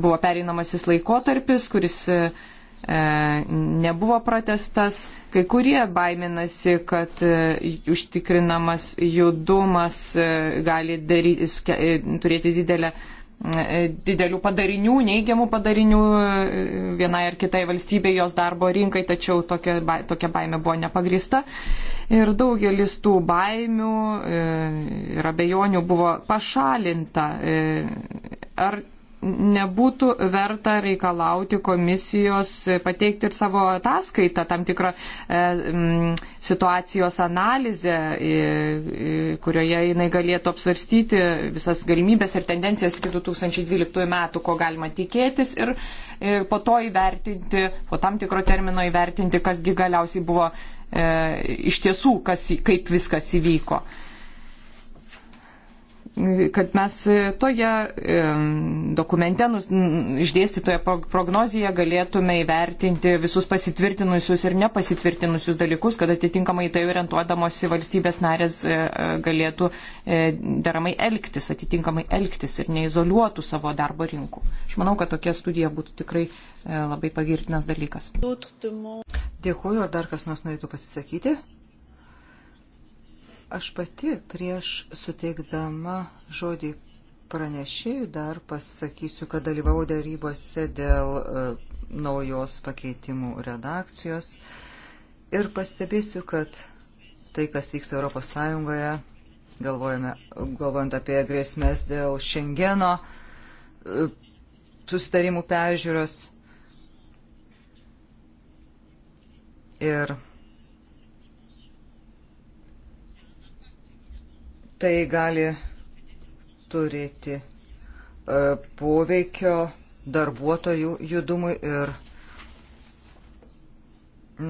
buvo pereinamasis laikotarpis, kuris e, nebuvo pratestas. Kai kurie baiminasi, kad užtikrinamas judumas gali daryti, turėti didelę didelių padarinių, neigiamų padarinių e, vienai ar kitai valstybei, jos darbo rinkai, tačiau tokia, tokia baime buvo nepagrista. Ir daugelis tų baimių e, ir abejonių buvo pašalinta. E, ar nebūtų verta reikalauti komisijos pateikti ir savo ataskaitą, tam tikrą e, m, situacijos analizę, e, e, kurioje jinai galėtų apsvarstyti visas galimybės ir tendencijas iki 2012 metų, ko galima tikėtis ir e, po to įvertinti, po tam tikro termino įvertinti, kasgi galiausiai buvo e, iš tiesų, kas, kaip viskas įvyko kad mes toje dokumente išdėstytoje prognozijoje galėtume įvertinti visus pasitvirtinusius ir nepasitvirtinusius dalykus, kad atitinkamai tai orientuodamosi valstybės narės e, e, galėtų e, deramai elgtis, atitinkamai elgtis ir neizoliuotų savo darbo rinkų. Aš manau, kad tokia studija būtų tikrai labai pagirtinas dalykas. Dėkuoju, ar dar kas nors norėtų pasisakyti? Aš pati prieš suteikdama žodį pranešėjų dar pasakysiu, kad dalyvau darybose dėl e, naujos pakeitimų redakcijos ir pastebėsiu, kad tai, kas vyksta Europos Sąjungoje, galvojame, galvojant apie grėsmės dėl Šengeno e, susitarimų peržiūros ir tai gali turėti e, poveikio darbuotojų judumui ir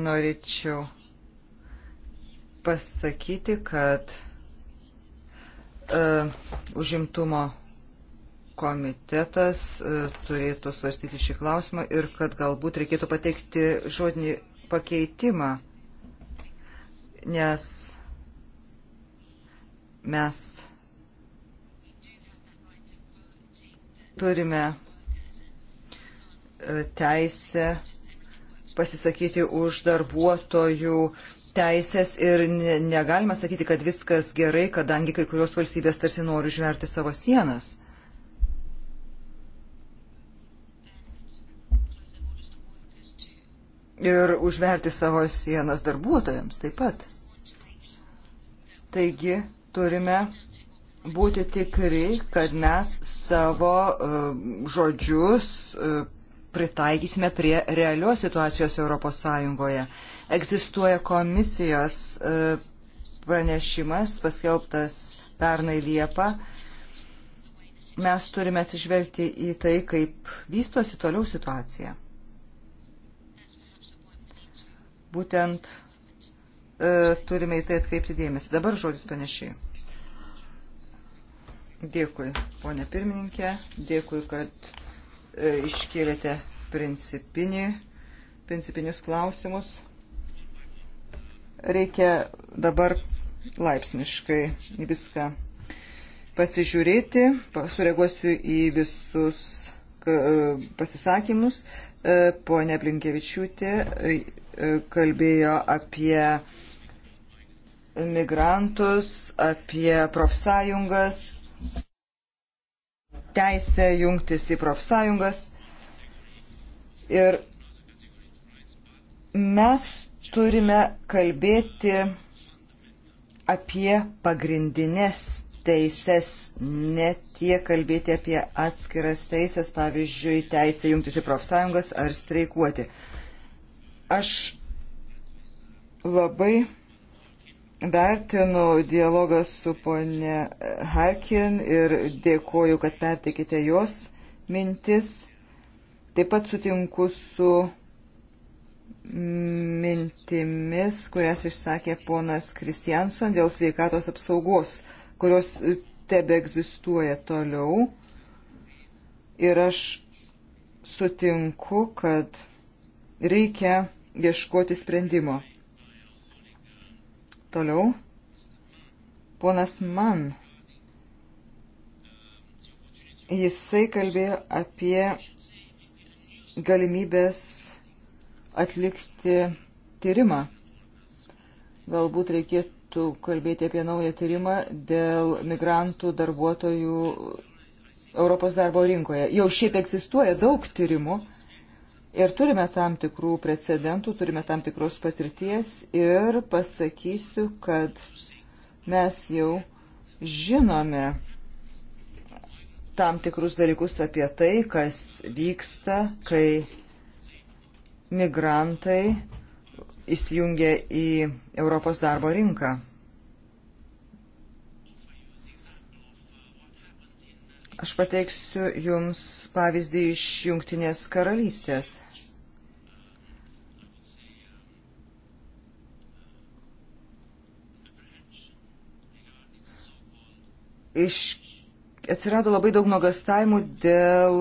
norėčiau pasakyti, kad uh, užimtumo komitetas uh, turėtų svarstyti šį klausimą ir kad galbūt reikėtų pateikti žodinį pakeitimą, nes mes Turime e, teisę pasisakyti už darbuotojų teisės ir negalima sakyti, kad viskas gerai, kadangi kai kurios valstybės tarsi nori žverti savo sienas. Ir užverti savo sienas darbuotojams taip pat. Taigi turime būti tikri, kad mes savo uh, žodžius uh, pritaikysime prie realios situacijos Europos Sąjungoje. Egzistuoja komisijos uh, pranešimas, paskelbtas pernai Liepą. Mes turime atsižvelgti į tai, kaip vystosi toliau situacija. Būtent e, turime į tai atkreipti dėmesį. Dabar žodis panašiai. Dėkui, ponė pirmininkė, dėkui, kad e, iškėlėte principinį, principinius klausimus. Reikia dabar laipsniškai viską pasižiūrėti, sureaguosiu į visus e, pasisakymus. E, Pone Blinkevičiūtė kalbėjo apie migrantus, apie profsąjungas, teisę jungtis į profsąjungas. Ir mes turime kalbėti apie pagrindinės teises, ne tiek kalbėti apie atskiras teises, pavyzdžiui, teisę jungtis į profsąjungas ar streikuoti. Aš labai vertinu dialogą su ponė Harkin ir dėkoju, kad pertikite jos mintis. Taip pat sutinku su mintimis, kurias išsakė ponas Kristianson dėl sveikatos apsaugos, kurios tebe egzistuoja toliau. Ir aš sutinku, kad reikia ieškoti sprendimo Toliau. Ponas Man. Jisai kalbėjo apie galimybės atlikti tyrimą. Galbūt reikėtų kalbėti apie naują tyrimą dėl migrantų darbuotojų Europos darbo rinkoje. Jau šiaip egzistuoja daug tyrimų Ir turime tam tikrų precedentų, turime tam tikros patirties ir pasakysiu, kad mes jau žinome tam tikrus dalykus apie tai, kas vyksta, kai migrantai įsijungia į Europos darbo rinką. Aš pateiksiu Jums pavyzdį iš Jungtinės karalystės. Iš atsirado labai daug nuogastavimų dėl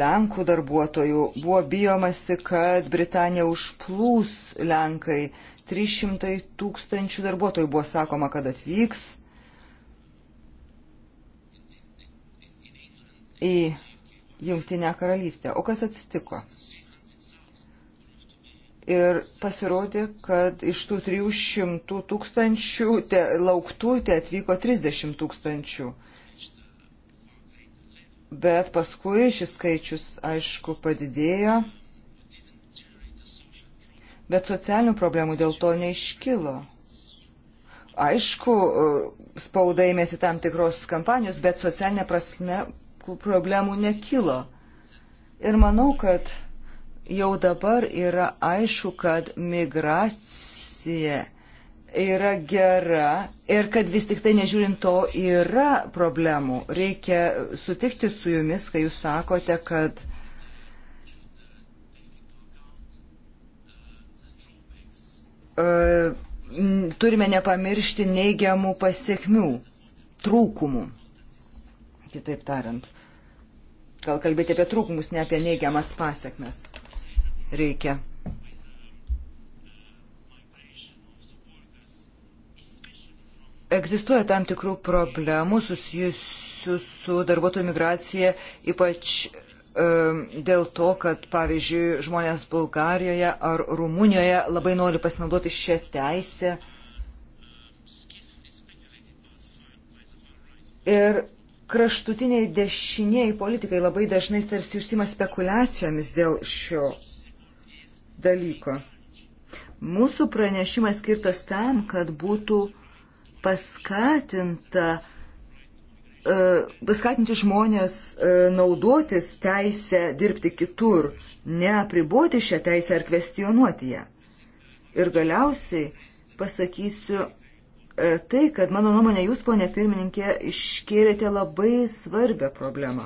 Lenkų darbuotojų. Buvo bijomasi, kad Britanija užplūs Lenkai. 300 tūkstančių darbuotojų buvo sakoma, kad atvyks. į Jungtinę karalystę. O kas atsitiko? Ir pasirodė, kad iš tų 300 tūkstančių te, lauktų te atvyko 30 tūkstančių. Bet paskui šis skaičius, aišku, padidėjo. Bet socialinių problemų dėl to neiškilo. Aišku, spauda ėmėsi tam tikros kampanijos, bet socialinė prasme problemų nekilo. Ir manau, kad jau dabar yra aišku, kad migracija yra gera ir kad vis tik tai nežiūrint to yra problemų. Reikia sutikti su jumis, kai jūs sakote, kad e, turime nepamiršti neigiamų pasiekmių, trūkumų kitaip tariant. Gal kalbėti apie trūkumus, ne apie neigiamas pasiekmes. Reikia. Egzistuoja tam tikrų problemų susijusių su darbuotojų migracija, ypač dėl to, kad, pavyzdžiui, žmonės Bulgarijoje ar Rumunijoje labai nori pasinaudoti šią teisę. Ir kraštutiniai dešiniai politikai labai dažnai tarsi užsima spekulacijomis dėl šio dalyko. Mūsų pranešimas skirtas tam, kad būtų paskatinta, e, paskatinti žmonės e, naudotis teisę dirbti kitur, neapriboti šią teisę ar kvestionuoti ją. Ir galiausiai pasakysiu E, tai, kad mano nuomonė jūs, ponė pirmininkė, iškėlėte labai svarbę problemą.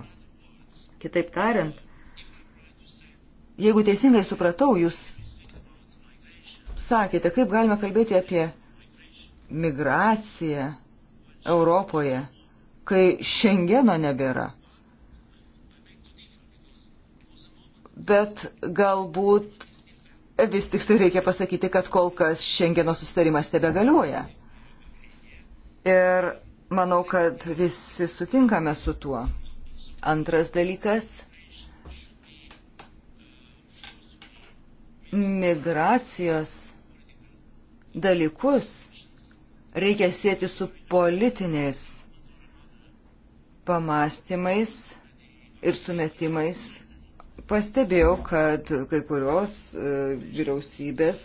Kitaip tariant, jeigu teisingai supratau, jūs sakėte, kaip galime kalbėti apie migraciją Europoje, kai šengeno nebėra. Bet galbūt vis tik tai reikia pasakyti, kad kol kas šengeno sustarimas tebe galioja. Ir manau, kad visi sutinkame su tuo. Antras dalykas - migracijos dalykus reikia sėti su politiniais pamastymais ir sumetimais, Pastebėjau, kad kai kurios e, vyriausybės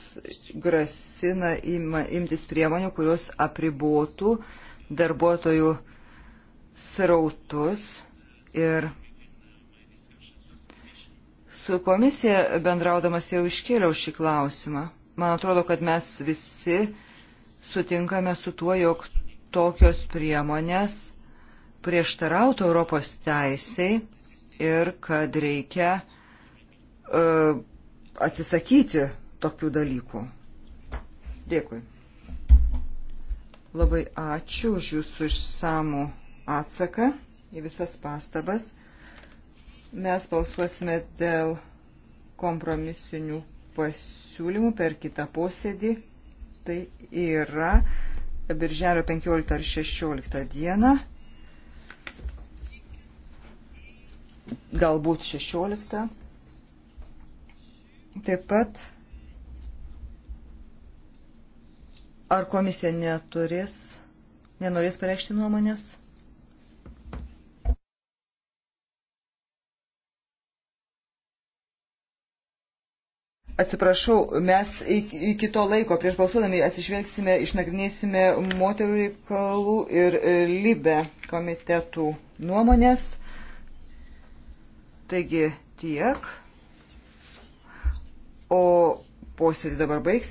grasina ima, imtis priemonių, kurios apribotų darbuotojų srautus ir su komisija bendraudamas jau iškėliau šį klausimą. Man atrodo, kad mes visi sutinkame su tuo, jog tokios priemonės prieštarautų Europos teisai ir kad reikia E, atsisakyti tokių dalykų. Dėkui. Labai ačiū už jūsų išsamų atsaką į visas pastabas. Mes balsuosime dėl kompromisinių pasiūlymų per kitą posėdį. Tai yra Birželio 15 ar 16 dieną. Galbūt 16. Taip pat, ar komisija neturės, nenorės pareikšti nuomonės? Atsiprašau, mes iki to laiko prieš balsuodami atsižvelgsime, išnagrinėsime moterų reikalų ir e, libe komitetų nuomonės. Taigi tiek o posėdį dabar baigsime.